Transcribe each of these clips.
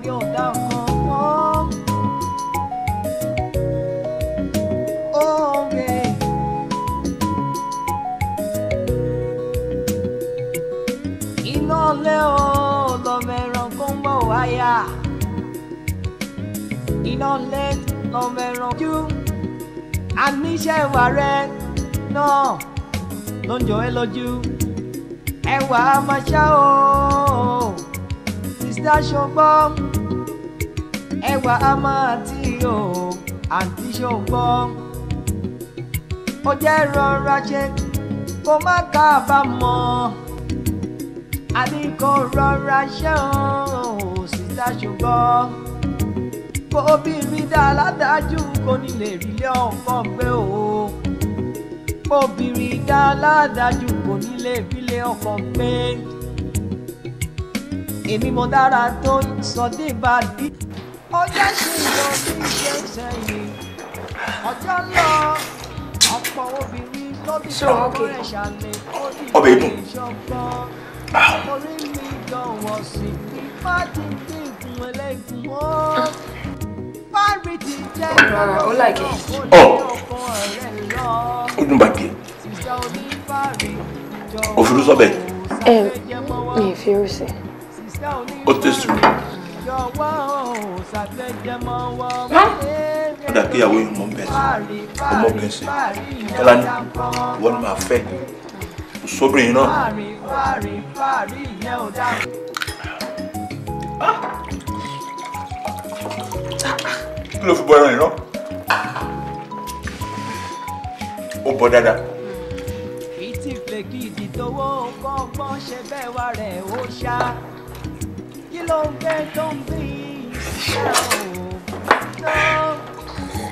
àbí ọ̀gá ọ̀kan kan. Oore. Iná ọlẹ́ o, lọ́mọ ẹranko ń bọ̀ wáyà. Iná ọlẹ́ lọ́mọ ẹranko. Àníṣe náà ló ń jọ ẹ́ lójú. Ẹwà máa ṣá o. Sister Shogbon ẹwà á máa tí o àǹtí ṣó gbọ́ ó jẹ́ rọra ṣe kó má kábàámọ̀ àní kó rọra ṣe ò síta ṣùgbọ́n kó obìnrin dá aládájú kò ní lè rí ilé ọkọ gbé o kó obìnrin dá aládájú kò ní lè rí ilé ọkọ gbé èmi mo dára tó sọdé ìbàdí ọjọ́ sì ń lọ bí iṣẹ́ sẹ́yìn ọjọ́ lọ ọ̀pọ̀ obìnrin ló bí ọmọ rẹ̀ ṣàlẹ̀ ó ní ìṣọ̀gbọ́n orí mi jọ̀wọ́ sí i má ti dín ìkùn ẹlẹ́gùn ó. Rárá, ó láìkẹ́. Ọ̀ ọdún bàgbé. Òfurufú sọ bẹ́ẹ̀. Ẹ eh, mi ì fi rú sí. Ó tẹ̀sùn padà kí ìyàwó yìí mọ̀ ń bẹ̀ sí ọmọ bẹ̀ sí tọ́lá ní wọ́n máa fẹ́ sóbìnrin náà. kí ló fi bọ ẹran ìran ó bọ dáadáa. ìtìflẹ̀ gidi tówó kọ́gbọ́n ṣe bẹ́ẹ̀ wá rẹ̀ ó ṣá ló gbé Don't be bí iṣẹ́ o náà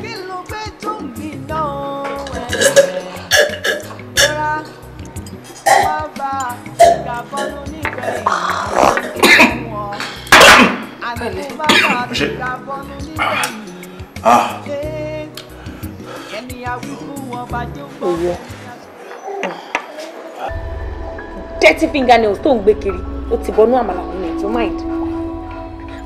kí ló gbé tó ń bí náà ẹ̀ẹ́ rárá wá bá ìgbàgbọ́ ló nífẹ̀ẹ́ ìlú wọn àti bá bá ìgbàgbọ́ ló nífẹ̀ẹ́ ìlú ẹni àwùjọ wọn bá jó gbọ́. dirty fingernails tó ń gbé kiri ó ti bọ́nú àmàlà nínú ẹ̀ tó máa ń dì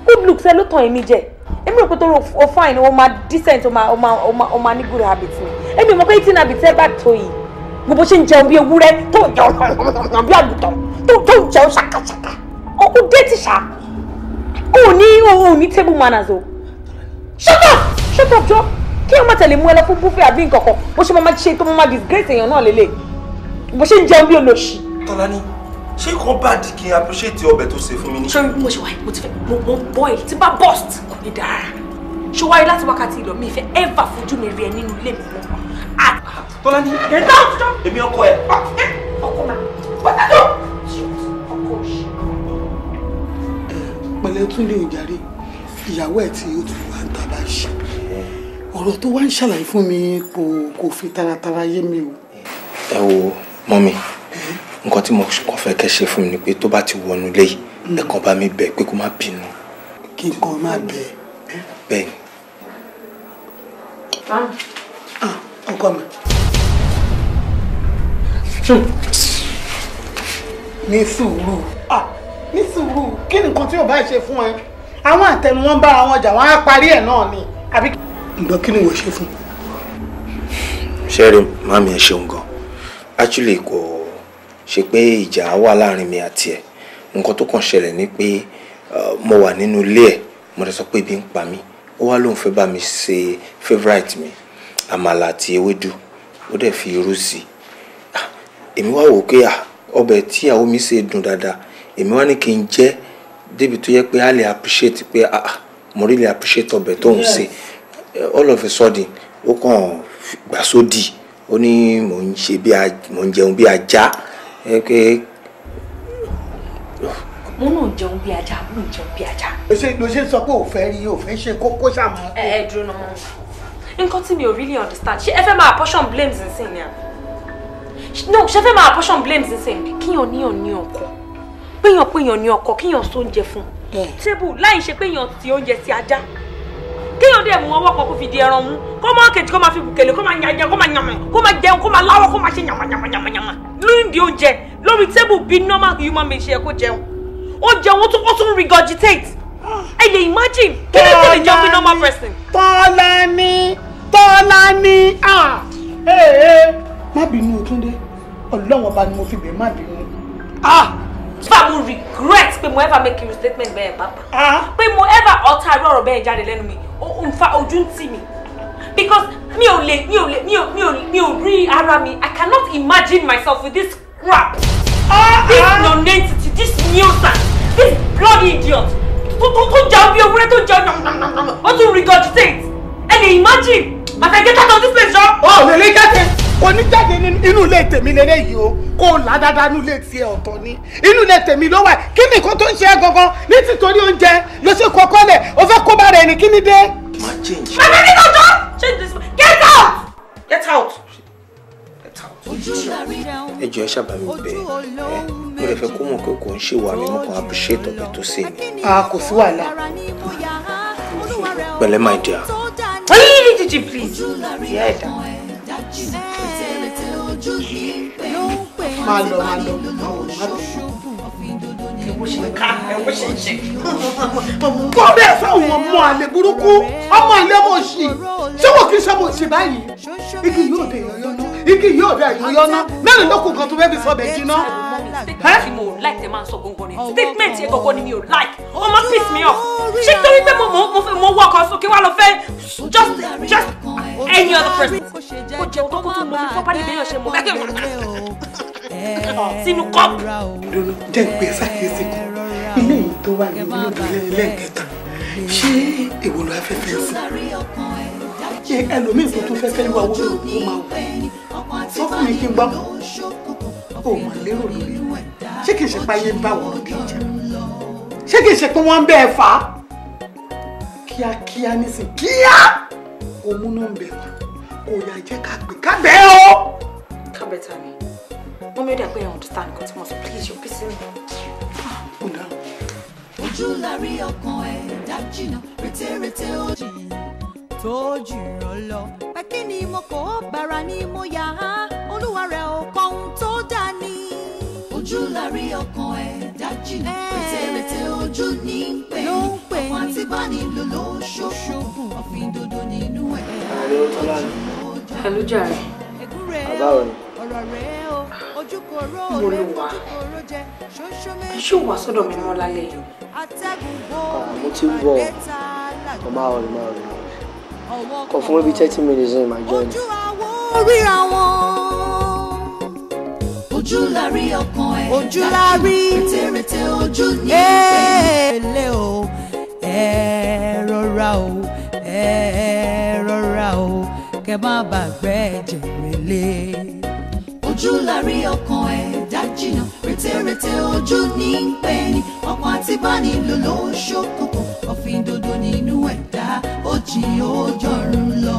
good looks ẹ ló tàn èmi jẹ èmi rò pé tó o fine o máa decent o máa o máa o máa o máa ní good habits ni èmi mọ̀ pé eating habits ẹ bá tó yìí gbogbo ṣe ń jẹun bí ewúrẹ́ tó ń jẹun bí àgùntàn tó tó ń jẹun ṣàkàṣàkà o kò déètì ṣá o ní o ní table manners o shut up shut up jọ kí o má tẹ̀lé mú ẹ lọ fún buffet àbí nǹkan kan bó ṣe máa ṣe tó máa disgrace èèyàn náà lélẹ̀ bó ṣe ń jẹun bí olóṣì. tọ́lá ni ṣé kò bá di kí n appreciate ọbẹ̀ tó ṣe fún mi ní. ṣé mo ṣe wáyé mo ti fẹ́ mo mo boil tí bá burst kò ní dára ṣé wáyé láti wákàtí ìlọ mi ìfẹ́ ever fojú mi rí ẹ nínú ilé mi mọ́. Ah! tọ́lá ní get out èmi ọkọ ẹ. Ah! Eh! ọkọ ma bàtà lọ. pẹ̀lẹ́ tún lè jàre ìyàwó ẹ̀ tí ó ti wà ń tàbá ṣe ọ̀rọ̀ tó wá ń ṣàlàyé fún mi kò kò fi taratara yé mi o. ẹ wo mọ́mi nǹkan tí mo kọ́ fẹ́ kẹ́ ṣe fún mi ni pé tó bá ti wọnú ilé yìí mm. ẹ kàn bá mi bẹ̀ pé kó má bínú. kí n kàn má bẹ̀. bẹ́ẹ̀ ni. Ah, ọkọ mi. Hmm. ní sùúrù ah, ní sùúrù kí ni nǹkan tí yóò bá ṣe fún ẹ àwọn àtẹnu wọn bá àwọn ọjà wọn á parí ẹ náà ni àbí. ǹgbọ́n kí ni ìwọ ṣe fún. ṣẹ́rí màmí ẹ ṣeun gan actually kò ṣe pé ìjà wà láàrin mi àti ẹ̀ nǹkan tó kàn ṣẹlẹ̀ ni pé mo wà nínú ilé ẹ̀ mo ti sọ pé ebi ń pa mí ó wá lóun fẹ́ bá mi ṣe favourite mi àmàlà àti ewédú ó dẹ̀ fi irú sí i èmi wá wò ó pé ọbẹ̀ tíyàwó mi ṣe dùn dáadáa èmi wá ní kí n jẹ́ débi tó yẹ pé a lè appreciate pé mo really appreciate ọbẹ̀ tó ń ṣe all of a sudden ó kàn gbà sódì ó ní mò ń ṣe bí mò ń jẹun bí ajá ẹ pé. mo náà jẹun bí ajá mo náà jẹun bí ajá. ló ṣe ló ṣe sọ pé ò fẹ́ rí ò fẹ́ ṣe kókó ṣàmú. ẹ ẹ dúró náà nǹkan tí mi ò really understand ṣé ẹ fẹ́ máa portion blames nsìn ni à no ṣe fẹ́ máa portion blames nsìn kíyàn níyàn ní ọkọ péyàn péyàn ní ọkọ kíyàn sóúnjẹ fún tébù láì ṣe péyàn ti oúnjẹ sí ajá kéèyàn dẹ̀ mú ọwọ́ kan kó fi di ẹran mú kó máa kejì kó máa fi bùkẹ́lẹ̀ kó máa yanjẹ kó máa yànmọ̀ kó máa jẹun kó máa láwọ́ kó máa ṣe yànmọ̀ yànmọ̀ yànmọ̀ yànmọ̀ lóyún di lórí tébù bí normal human being ṣe yẹ kó jẹun ó jẹun ó tún regurgitate ẹ lè imagine kí ló tó jẹun bí normal person. tọ́lá ni tọ́lá ni à má bínú o Túndé ọlọ́wọ́n ni mo fi bẹ̀ má bínú so that mo regret pé mo ever make a statement bẹ́ẹ̀ Papa. Ah. pé mo ever alter ọ̀rọ̀ bẹ́ẹ̀ jáde lẹ́nu mi nfa ojú ń tì mí because mi ò lè mi ò lè mi ò mi ò mi ò rí ara mi I cannot imagine myself with this crap ah, ah. this nonentity this nuisance this bloody idiot tó jẹun bí ewúrẹ́ tó jẹun nàmùnàmùnàmù ó tún regurgitate ẹ lè imagine as I get out of this place. ọ̀ lè lè jáde oníjáde inú ilé tèmi lélẹ́yìí o kó o là dáadáa inú ilé tiẹ̀ ọ̀tọ̀ ni inú ilé tèmi ló wà kí ni nǹkan tó ń ṣe é gangan ní tìtorí oúnjẹ ló ṣe kọ́kọ́ lẹ̀ o fẹ́ kó bára ẹni kí ni dé. má change. bàbá mi kò tó change this get out. get out. ẹ jọ ẹ ṣàbà mi bẹ ẹ mo lè fẹ́ kó mọ̀ pé kò ń ṣe wà mí mo kàn appreciate ọbẹ tó ṣe ni. a ah, kò sí wàhálà. pẹ̀lẹ́ my dear. please. ìyá ẹ̀dá. Malo, malo, malo, malo. lọ má lọ má wò má lọ. ẹwọ ṣe ká ẹwọ ṣe bẹ́ẹ̀ fáwọn ọmọ àlè burúkú ọmọ àlè mọ̀ sí wọ́n kì í ṣe sí báyìí igi yóò dé yọ̀yọ́ náà igi yóò dé yọ̀yọ́ náà mẹ́rin lókun kan tó fẹ́ fi sọ bẹ́ẹ̀ jiná wàhálà mo like the man ń sọ gbọ̀ngàn ni oh, statement yẹn gbọ̀ngàn ni mi ò like ó máa piss me off ṣé torí pé mo mo fẹ́ mo wọ́ ọkọ̀ sókè wà lọ fẹ́ just just any other person kò jẹun tó kó tó mọ mi fọ́pá níbi èèyàn ṣe mọ kẹ́kẹ́ sínú kọ́ọ̀pù. jẹ́ ìpè ṣàkíyèsí kan ilé yìí tó wà ní olóògbé lẹ́ẹ̀kẹta ṣé èwo ló afẹ́fẹ́ sí ẹlòmíì tó tún fẹ́fẹ́ lu àwọn olóògbé máa wọ sọ fún mi kí n gbà ò mà lérò lórí inú ẹ̀ ṣé kìí ṣe pé ayé ń bá wọ̀ ọ́ kìí jà ṣé kìí ṣe pé wọ́n ń bẹ́ ẹ fà á kíákíá nísìn kíá òun náà ń bẹ̀ wá kò yà jẹ́ ká gbé ká bẹ́ ẹ o. kábẹ́ ta ni mo mẹ́rin àgbẹ̀ ẹ̀hún títà nìkan tí mo sọ please your pc mi. ojú la rí ọkàn ẹ̀ dájìnà rétérété ó jìn tó jù rán lọ pé kí ni mo kò bára ni mo yà á. fàájì pétérètè eh. ojú ní pè ọkọ àti báni lò ló ṣòṣòkùn dodo nínú ẹ̀. ààrẹ ọtọlá ni. àlùjáre. ẹ̀gúnrẹ́ ọ̀rọ̀ rẹ̀ o ojúkòrò iṣẹ́ òwà sọ́dọ̀ mi mọ́ lálẹ́ yìí. atẹ́gùn bò mí àgbẹ̀ta làjọ. ọmọ àwọn ọmọ rẹ kọ fún ibi thirty minutes in my journey. ojú àwo ríra wọn ojú la rí ọkàn ẹ̀ ojú la ojú ní ìfẹ́. o ẹ rọra o ẹ rọra o kẹ má bàgbẹ́ ẹ̀jẹ̀ rẹ̀lé. ojú la rí ọkàn ẹ̀ dájìnà retérete ojú ní pẹ́ẹ́nì ọkàn àti bánilò ló ṣokùnkùn ọ̀fìn dodo nínú ẹ̀dá ó jìn ó lọ.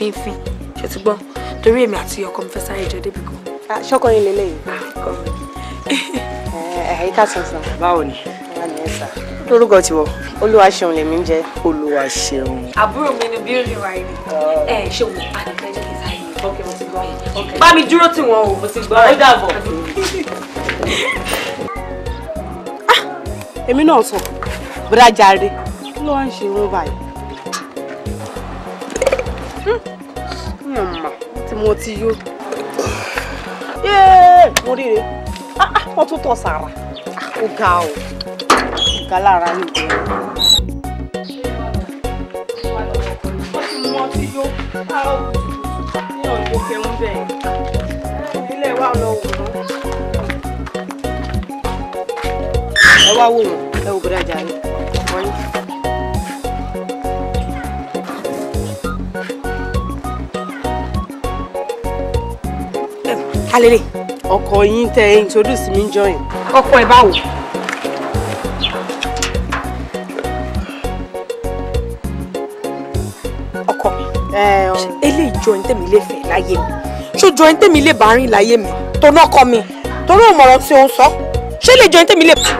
fínfín ṣe ti gbọ́ torí èmi àti ọkọ mi fẹ́ sáré jọ débi kan. Ah, ṣọkọ yín lélẹ̀ yìí. Ah, ọkọ mi. ẹ̀yìn ká sàn sàn. báwo ni. wà ní ẹ̀sà. lórúkọ tiwọ Olúwaṣeun lèmi ń jẹ. Olúwaṣeun. àbúrò mi ni bíríì wa yìí. ẹ ṣe wò á ní fẹ́ jẹ́ kí n sáré yìí. ok mo ti gbọ́ yẹn. bá mi dúró tì wọ́n o mo ti gbọ́ ó dàbọ̀. Ah, èmi náà sọ bùrọ̀ rè kí ló wá ń ṣe irun báyìí. Hmm. màmá tí mo ti yó mo ah, ah, wọ́n tún tọ̀ sára ó ga ọ́ ga lára ní ìgbẹ́. wọ́n ti yó káàró ní ọ̀dọ́ kẹun bẹ́ẹ̀ ilé wa lọ wò ó. ẹ wá wò ó ẹ wò bọ́dá jà alele ọkọ yín tẹ introduce mi jọ yẹn. ọkọ ẹ báwo. ọkọ eléyìí jọ ẹni tẹ̀mí lè fẹ́ láyé mi ṣó jọ ẹni tẹ̀mí lè bá rìn láyé mi tó náà kọ́ mi torí òmọ̀ràn tí ó ń sọ ṣé lè jọ ẹni lè bá.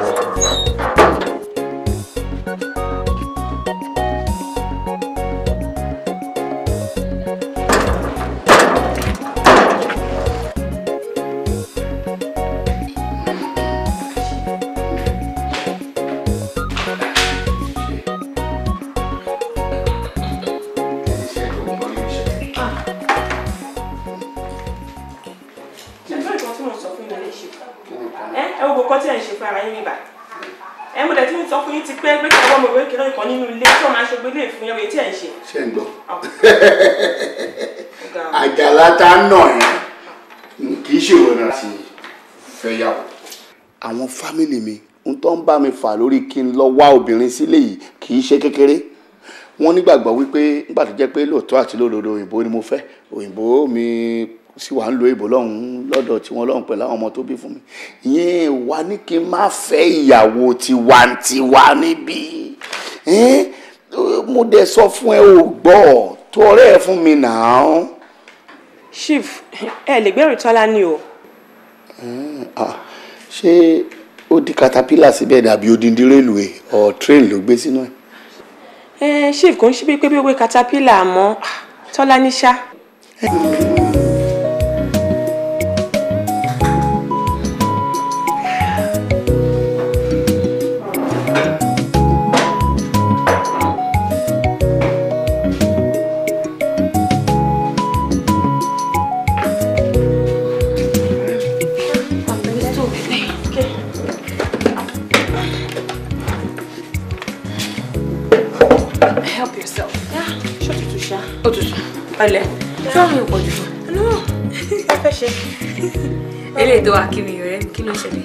fámìlì mi n tó ń bá mi fà lórí kí n lọ wá obìnrin sílé yìí kì í ṣe kékeré wọ́n nígbàgbọ́ wípé nígbà tó jẹ́ pé lóòótọ́ àti lódodo òyìnbó ni mo fẹ́ òyìnbó mi sì wà ń lo ìbò lọ́hùn-ún lọ́dọ̀ tiwọn lọ́hùn pẹ̀lú àwọn ọmọ tó bí fún mi ìyẹn wà ní kí n má fẹ́ ìyàwó tiwantiwa níbí mo dẹ̀ sọ fún ẹ ò gbọ́ tó ọ̀rẹ́ ẹ fún mi nàá. chief ẹ lè gbẹ́rù tọ́lá ni o. ṣé ó di caterpillar síbẹ̀ dàbí odindi rélùwé or train ló gbé sínú ẹ̀. ẹ eh, ṣé kò ń ṣe pé pé bí ó gbé caterpillar mọ́ ah, tọ́lá níṣá.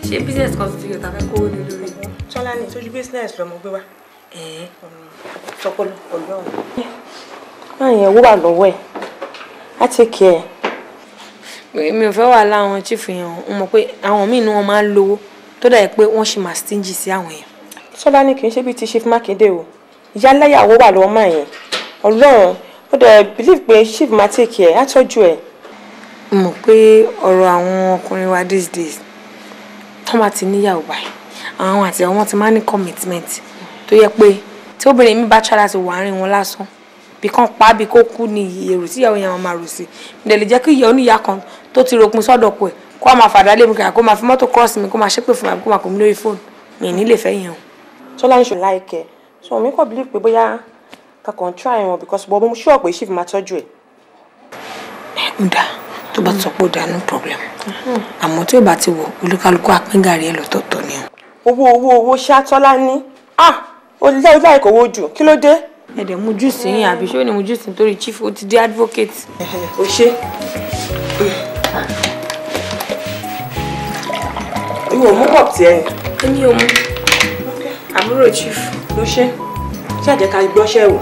ṣé business kan ti yọta fẹ́ kó ní lórí. tọ́lá ní ìtọ́jú business lọ́mọ gbé wá. tọpọlọ ọgbọ́n. báyìí ẹ̀ wó wà lọ́wọ́ ẹ̀ á ti kí ẹ̀. mi ò fẹ́ wà láwọn chief yẹn o mọ̀ pé àwọn míì ni wọ́n máa ń lówó tó dà yẹ pé wọ́n ṣì máa stingy sí àwọn yẹn. tọ́lá ní kì í ṣe bíi ti chief mákindé o ìyá láyàwó wà lọ́wọ́ máa yẹn ọlọ́run ó dẹ̀ believe pé chief máa take care á tọ́jú ẹ̀. mo mọ̀ pé àwọn ọkùnrin wa these days tán bá ti níyàwó báyìí àwọn àti àwọn ti máa ní commitment tó yẹ pé tí obìnrin mi bá ṣára ti wà árín wọn lásán bí kan pa bí kó kú ni èrò tí ìyàwó yẹn wọn máa rò sí ìdẹ̀ lè jẹ́ kí ìyàwó níyà kan tó ti ròpin sọ́dọ̀ pẹ̀ kó máa fàdá lé mi kàkà kó máa fi mọ́tò cross mi kó máa ṣépè fún mi kó máa kò mí lórí fóònù mi ní lè fẹ́ yẹn o. tọ́lá ń ṣe láìkẹ́ so mi kàn believe pé bóyá kankan try wọn because bọ́ mo ṣúọ̀ pé ṣì fi máa tọ́jú ẹ̀. ẹ̀ ń dáa tó bá sọ pé ó dànù problem àmọ́ tí ó bá ti wọ olúkálukú apíngàrí ẹ lọ́tọ̀ọ̀tọ̀ ni. owó owó owó ṣàtọ́lá ní ah olùdá ojú àìkò owó jù kí ló dé. ẹ̀dẹ̀ mu júùsì yín àbí ṣé ó ní mu júùsì nítorí chief ó ti di advocate. o ṣe ìwọ mú pọ̀ tiẹ̀ yìí. èmi ò mú àbúrò chief o ṣe ṣàjẹ́ka gbọ́ṣẹ́ wò.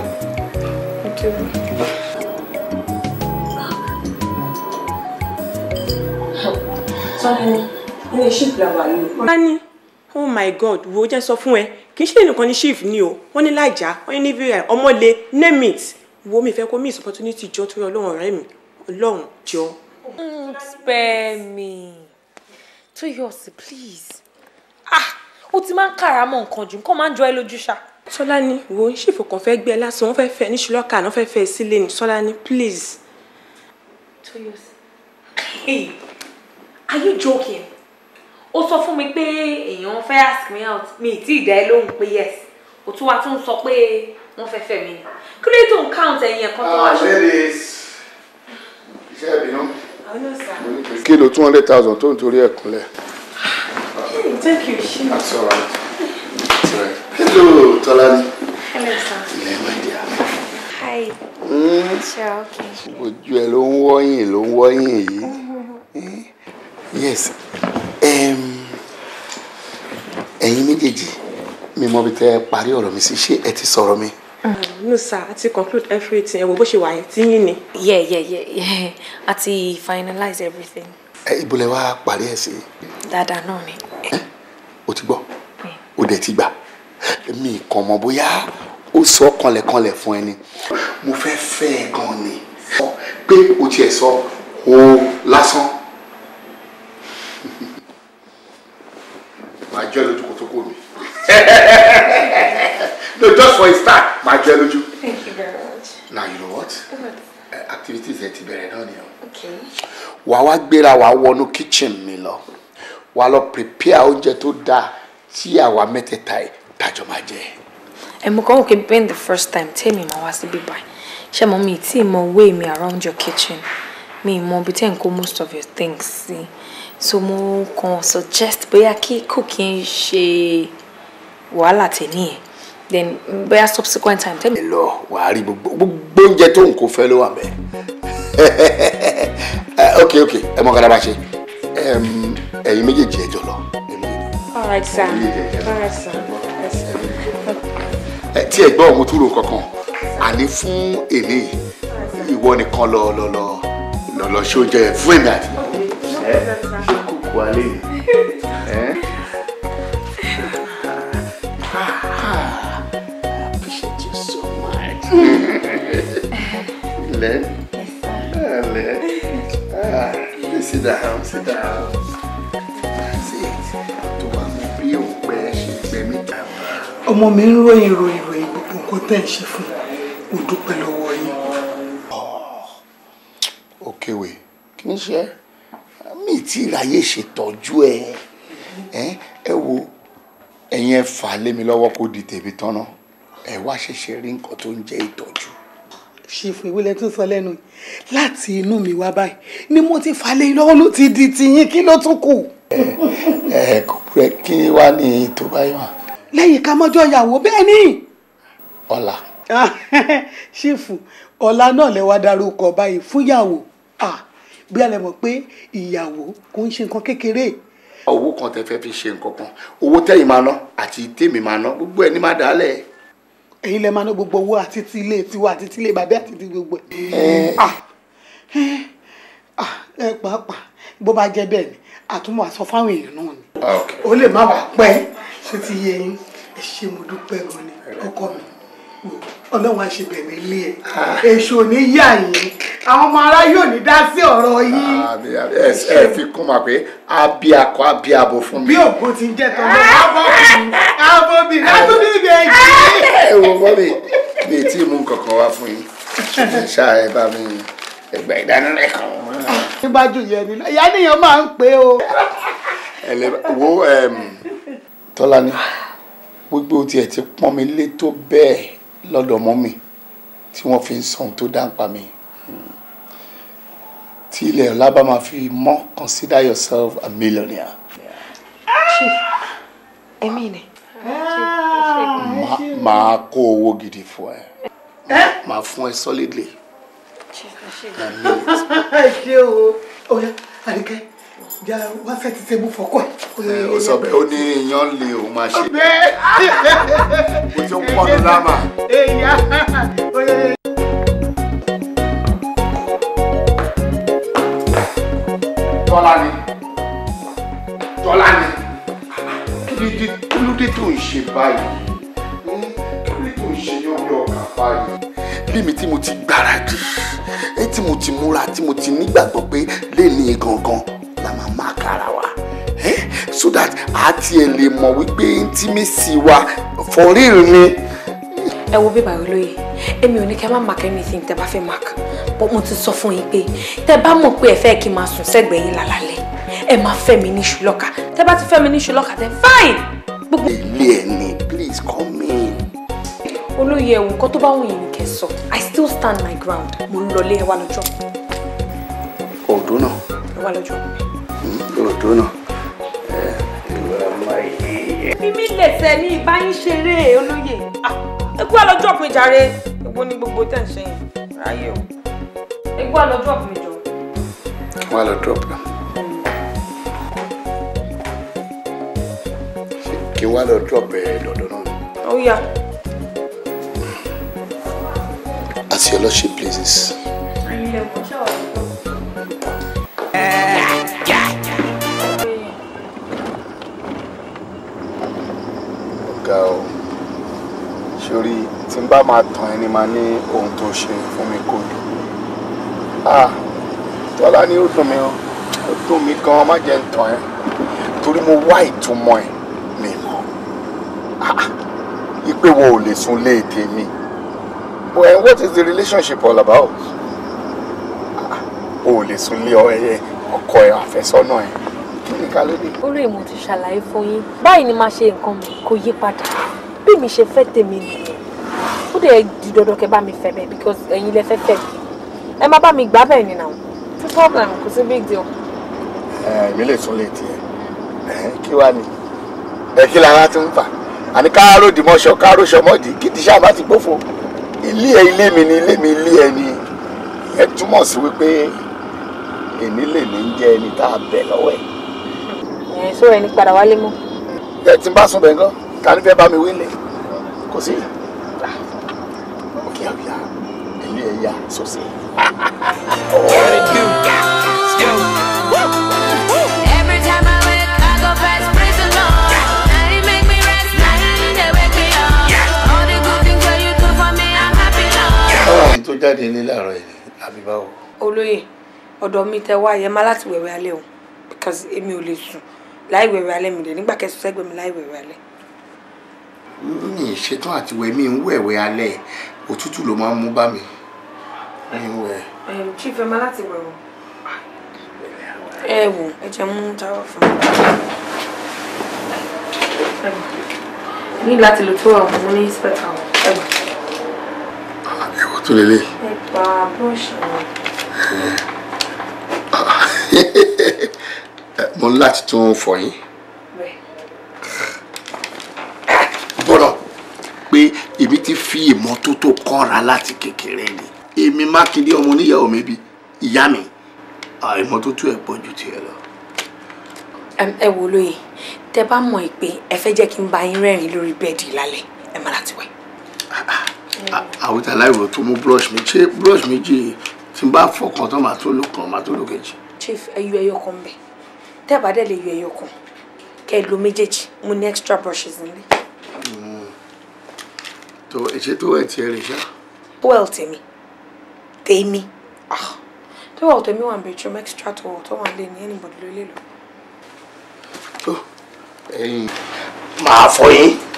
Tani ilé oh my god wo jẹ́ so fún ẹ kì í ṣe nìkan ní ṣíìfù ni o wọ́n ní láìjà wọ́n ní vi ọmọlé name it wo mi fẹ́ kó miss opportunity jọ torí ọlọ́run ọ̀rẹ́ mi ọlọ́run jọ. Mm, spare me Tóyọ̀sí please ah o ti máa ń kàràmọ́ nǹkan jù nǹkan máa ń jọ ẹ lójú ṣá. Sọláni wo ń ṣèfòkàn fẹ́ gbẹ lásán wọ́n fẹ́ fẹ́ ní ṣùlọ́kà náà fẹ́ fẹ́ sílé ni Sọláni please. Tóyọ̀sí are you joking ó sọ fún mi pé èèyàn fẹ́ ask me out mi ì tí ì dá ẹ lóhùn pé yes ó tún wá tún sọ pé wọ́n fẹ́ fẹ́ mi kí ló tó ń count ẹ̀yìn ẹ̀kan tó wá ah, ṣe. iṣẹ́ ìbínú oh, kí ló two hundred thousand tó ń torí ẹ̀ kúnlẹ̀. thank you ṣe. that's all right that's all right hello Tolani. hello sir. ilé my dear. hi. ṣe hmm? ok. ojú ẹ ló ń wọ́yìn ló ń wọ́yìn yìí. Mm-hmm. Eh? yes ẹ̀yin méjèèjì mi mọ̀ bí tẹ́ parí ọ̀rọ̀ mi sí ṣé ẹ ti sọ̀rọ̀ mi. Ah, no sir a ti conclude everything ẹ wo bó ṣe wà yẹn tí yín ni. yeah yeah yeah a ti finalize everything. ẹ ibo lẹ wá parí ẹ sí. dáadáa náà ni. o ti gbọ́ hmm. o dẹ̀ ti gbà mi kàn mọ̀ bóyá ó sọ kanlẹ̀kanlẹ̀ fún ẹ ni mo fẹ́ fẹ́ gan ni pé o tiẹ̀ sọ o lásán. for his time máa jẹ́ thank you very much. now you know what. Uh-huh. Uh, activities ẹ ti bẹ̀rẹ̀ náà ni o. okay. wà á wá gbéra wà á wọnú kitchen mi lọ wà á lọ prepare oúnjẹ tó dáa tí àwa mẹ́tẹ̀ẹ̀ta ẹ̀ tàjọ máa jẹ. ẹ mú kàn wò pé bẹ́ẹ̀ the first time tẹ́mi máa wá sí bíbá She, mo mi tí mo way mi around your kitchen Me, mọ ibi tẹ́ ń most of your things sí so mo kàn suggest bóyá kí cooking she. wàhálà tẹ̀ níyẹn then bóyá subsequent time tẹ́lẹ̀. ẹ lọ wàá rí gbogbo oúnjẹ tó ń kó fẹ́ ló wà mẹ́ eh, ok ok ẹ mọ kádà bá ṣe ẹ̀yin méjèèjì ẹ jọ lọ. all right sir all right sir yes sir. Eh, tí ẹ gbọ́ ohun tó rò kankan àní fún èlé ìwọ nìkan lọ lọ lọ lọ lọ ṣe oúnjẹ fún èmi àti. ṣe kókó alẹ́ Lẹ. Lẹ. Ah, ah, sit down, sit down. Tó bá mọ bí òpè ṣe gbẹ mí ta. Ọmọ mi ń ròyìn ròyìn ròyìn gbogbo nǹkan tẹ̀ ń ṣe fún mo dúpẹ́ lọ́wọ́ yín. Òkèwè kì í ṣe mi tí ìráyè ṣètọ́jú ẹ ẹ wo ẹ̀yin ẹ fà á lé mi lọ́wọ́ kó di tèmi tán náà ẹ wá ṣẹ̀ṣẹ̀ rí nǹkan tó ń jẹ́ ìtọ́jú. ṣèfò ìwé lẹ́tún sọ lẹ́nu láti inú mi wá báyìí ni mo ti fà lé lọ́wọ́ ló ti di tiyín kí ló tún kù. ẹ ẹ kò rẹ kí wàá ní ètò báyìí wà. lẹ́yìn ká mọ́jọ́ ìyàwó bẹ́ẹ̀ ni. ọ̀la. ṣèfò ọ̀la náà lẹ wá darúkọ báyìí fúnyàwó ah, bí a lè mọ̀ pé ìyàwó kò ń ṣe nǹkan kékeré owó kan tẹ fẹ́ fi ṣe nǹkan kan owó tẹ́yìn máa ná àti tèmi máa ná gbogbo ẹ̀ ní má dàálẹ̀ ẹ̀yin lẹ máa ná gbogbo owó àti ti ilé tiwa àti ti ilé bàbá àti ti gbogbo ẹ pàápàá bó bá jẹ́ bẹ́ẹ̀ ni àtúmọ̀ àsọ fáwọn èèyàn náà ni ah, ó lè má wàá pẹ́ ṣé ti yẹ yín ẹ ṣé mo dúpẹ́ gan ni ọkọ mi ọlọ́run àṣebẹ̀rẹ̀ ilé ẹ̀ èṣù ní yà yín àwọn ọmọ ará yóò ní dá sí ọ̀rọ̀ yín. ẹ fi kún ma pé abi akọ fún mi. bí ògbó ti ń jẹ tán lọ abọ́bìnrin abọ́bìnrin látúndì ìbejì. ẹ wo mi mi tí mú kankan wá fún yín ṣùgbọ́n ṣáà ẹ bá mi ẹgbẹ́ ìdánilẹ́kọ̀ọ́. nígbàjú yẹn ni ìyá nìyẹn máa ń pè o. wo tọ́lá ni gbogbo tiẹ̀ ti pọ́n mi lé tó bẹ́ẹ̀ lọ́dọ̀ mọ́mì tí wọ́n fi ń sọ̀hún tó dáńpa mi tí ilẹ̀ ọ̀la bá máa fi mọ́ consider yourself a millionaire. chief èmi ni. máa kó owó gidi fún ẹ máa fún ẹ solidly. chief ẹ ṣe o. ọ̀ya àríkẹ́ bí a wá fẹ́ ti ṣe mú fọ́kọ́ ẹ̀. ó sọ bẹ́ẹ̀ ó ní iyán lè òun máa ṣe. mo ti ń pọ́n ní lámà. tọ́lá ni tọ́lá ni kí ló dé tó ń ṣe báyìí kí ló dé tó ń ṣe yóò bí ọkà báyìí. bí mi tí mo ti gbáradì tí mo ti múra tí mo ti nígbàgbọ́ pé lè ní gangan la máa má kára wa eh? so that a tiẹ̀ lè mọ̀ wípé intimacy wa for real ni. ẹ wo bébà olóye èmi ò ní kẹ́ má mark anything tẹ́ bá fẹ́ mark but mo ti sọ fún yín pé tẹ́ bá mọ̀ pé ẹ fẹ́ kí n máa sùn sẹ́gbẹ̀ẹ́ yín lálálẹ́ ẹ máa fẹ́ mi ní ṣùlọ́kà tẹ́ bá ti fẹ́ mi ní ṣùlọ́kà then fine. ilé ẹ ní please come in. olóye ẹ̀wù nǹkan tó bá wù yín ni kẹ́ sọ i still stand my ground mo ń lọlé ẹ wá lọ́jọ́. òdùnà wà lọ́jọ́. òdò náà ìwà máa yé. mímí lẹsẹ ní ìbáyín ṣeré olóyè ẹgbẹ́ ọlọ́jọ́ pé jàre gbogbo ní gbogbo tẹ̀ ń ṣe yẹn ráyè o ẹgbẹ́ ọlọ́jọ́ pé jọ. wà á lọ drop ẹ. kí wàá lọ drop ẹ lọ́dọ̀ náà. ó yá. As your lordship places. I love you. ga o sórí tí n bá máa tàn ẹni máa ní ohun tó ṣe fún mi kò dùn ah tọ́lá ni ó dùn mí o ó dùn mí gan má jẹ́ ń tàn ẹ́ torí mo wá ìtumọ̀ ẹ̀ mi mọ̀ ah ipe wo ò lè sun léèdè mi well what is the relationship all about ah o ò lè sun lé ọkọ ẹ àfẹ́sọ́nà ẹ̀ kí ni kálódé. orí èmo ti ṣàlàyé fún yín báyìí ni máa ṣe nǹkan mi kò yí padà bí mi ṣe fẹ́ tèmi nìyẹn ó dẹ̀ di dandan kẹ́ bá mi fẹ́ bẹ́ẹ̀ because ẹ̀yin lẹ fẹ́ fẹ́ mi ẹ má bá mi gbá bẹ́ẹ̀ ni náà no problem kò sí big deal. èmi lè tún lè tiẹ̀ kí wàá ní ẹ kí lára ti ń fà àní káàró dìmọ̀ṣọ káàró ṣọmọ́dì kí ti ṣáà bá ti gbófo ilé ẹ ilé mi ni ilé mi ilé ẹ ni ẹ túmọ̀ sí wípé èmi lè ní jẹ́ ẹni tá a bẹ̀ lọ́wọ́ ẹ̀ ẹ̀ sọ ẹni padà wálé mọ́. ẹ ti bá sùn bẹ́ẹ̀ gan ta ni fẹ́ bá mi wí ni kò sí òkè àbíyá ẹ̀yẹ ẹ̀yà sọ̀sẹ̀. Every time I wake, I go past Now you make me rest, now wake me up. All the good things wey you do for me, I'm happy now. Báwo ni tó jáde ilé láàárọ̀ yìí, àbí báwo? Olóyè, ọ̀dọ̀ mi tẹ wá yẹn má láti wẹ̀wẹ̀ alẹ́ o, because èmi ò lè sùn láì wẹ̀wẹ̀ alẹ́ mi rẹ̀ nígbà kẹsùn sẹ́gbẹ̀ẹ́ mi láì wẹ̀wẹ̀ alẹ́. mi ì ṣetán àti wẹ̀ mi ń wẹ̀wẹ̀ alẹ́ òtútù ló máa ń mú bá mi mi ń wẹ̀. chief ẹ máa láti wẹ̀ o. ẹ wò ẹ jẹ mú táwọ fún mi. ní láti lo tó àwọn ọmọ ní spẹt àwọn ẹgbà. ẹwọ tó lélẹ̀. ẹgbà bọ́ọ̀ṣì wọn. Eh, mo ní láti tún fọ yín bọ́lọ̀ pé èmi ti fi ìmọ́tótó kọ́ra láti kékeré ni èmi mákindé ọmọ oníyàwó mi bi ìyá mi ah, ìmọ́tótó ẹ̀ pọ̀ ju tiẹ̀ lọ. ẹ wo lóye tẹ bá mọ̀ pé ẹ fẹ́ jẹ́ kí n bá yín rẹ́rìn lórí bẹ́ẹ̀dì lálẹ́ ẹ má láti wẹ̀. Ah, ah, àwùjọ aláìwọ̀ tó mú brush mi ṣé brush méjì tí n bá fọkàn tán màá tó lò kàn màá tó lò kejì. chief ẹ yọ ẹyọ kan bẹ́ẹ̀ tẹ́ẹ̀bá dẹ̀ lè yọ ẹyọ kan kẹ́ ẹ lo méjèèjì mo ní extra brushes nílé. Hmm. tó ètò tó wẹ̀ tiẹ̀ rè ṣá. tówẹ̀l tèmi tèmi ah. tówẹ̀l tèmi wà ní bedroom extra tówẹ̀l tó wà lé ní anybody ló lè lò. tó ẹyin máa fọ yín.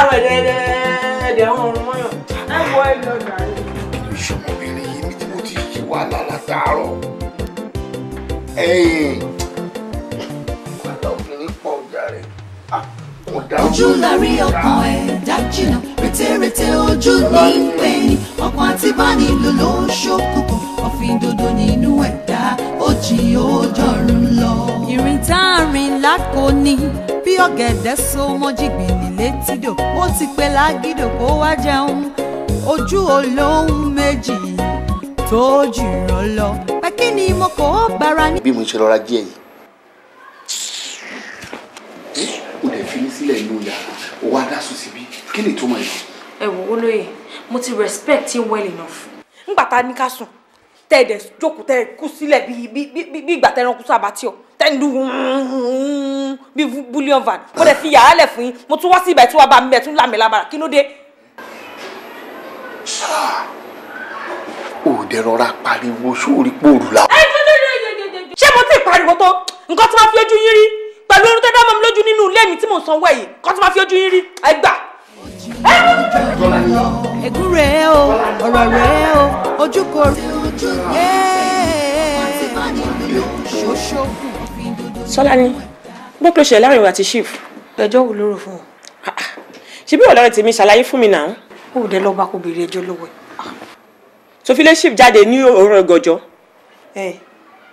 àwẹ̀ dẹ́dẹ́dẹ́ wọn mú yàn ẹ bọ ẹ lọ gàrí. ìṣọmọbìnrin yìí ní tí mo ti yí wàhálà látàárọ̀ wàhálà obìnrin pọ̀ ah, ẹ̀ dájìnà rètérètè ojú ní pé ọkàn àti bánilò ló ọ̀fìn dodo nínú ẹ̀dá ó jí ó jọrùn ìrìn tá a rìn lákò ní bí ọ̀gẹ̀dẹ̀ so mọ́jìgbìn nílé tìdò ó ti pé lágídò kó wá jẹun ojú olóhùn méjì tó jù rọ lọ pé kí ni mo kò bára ní. bí mo ṣe rọra díẹ̀ yìí o dẹ̀ fi mí sílẹ̀ inú yàrá o wá dá sùn síbí kí ni ìtumọ̀ yìí. ẹ wò ó lóye mo ti respect him well enough. ńgbà tá a ní ká sùn tẹ́ ẹ̀ dẹ̀ jókòó tẹ́ ẹ̀ kú sílẹ̀ bí bí ìgbà tẹ́ ẹranko sábà tí ọ tẹ́ ẹ̀ lu bí bullion van mo dẹ̀ fi yàrá lẹ̀ fún yín mo tún wá sí ibà tí wàá bá mi bẹ̀ tún lámì lábàrà kí ló dé. ò dẹ̀ pariwo sórí pòrù la. ṣé mo ti pariwo tó nǹkan tí wọ́n fi ojú yín rí pẹ̀lú irun tẹ́ dá mọ́ mi lójú nínú ilé mi tí mò ń sanwó ẹ̀yìn nǹkan tí wọ́n fi ojú yín rí ẹ gbà ẹkún rẹ o ọ̀rọ̀ rẹ o ojú kò rí. Sọláni gbọ́ pé ṣẹlẹ̀ láàrin wa ti chief. ẹjọ́ wo lóró fún ọ. Ah, ah. ṣé bí ọ̀lọ́rẹ̀ tèmi ṣàlàyé fún mi náà. ó dẹ lọ́ọ́ bá kó béèrè ẹjọ́ lọ́wọ́ ẹ̀. Ah. sofile chief jáde ní òórùn ọgọjọ. ẹ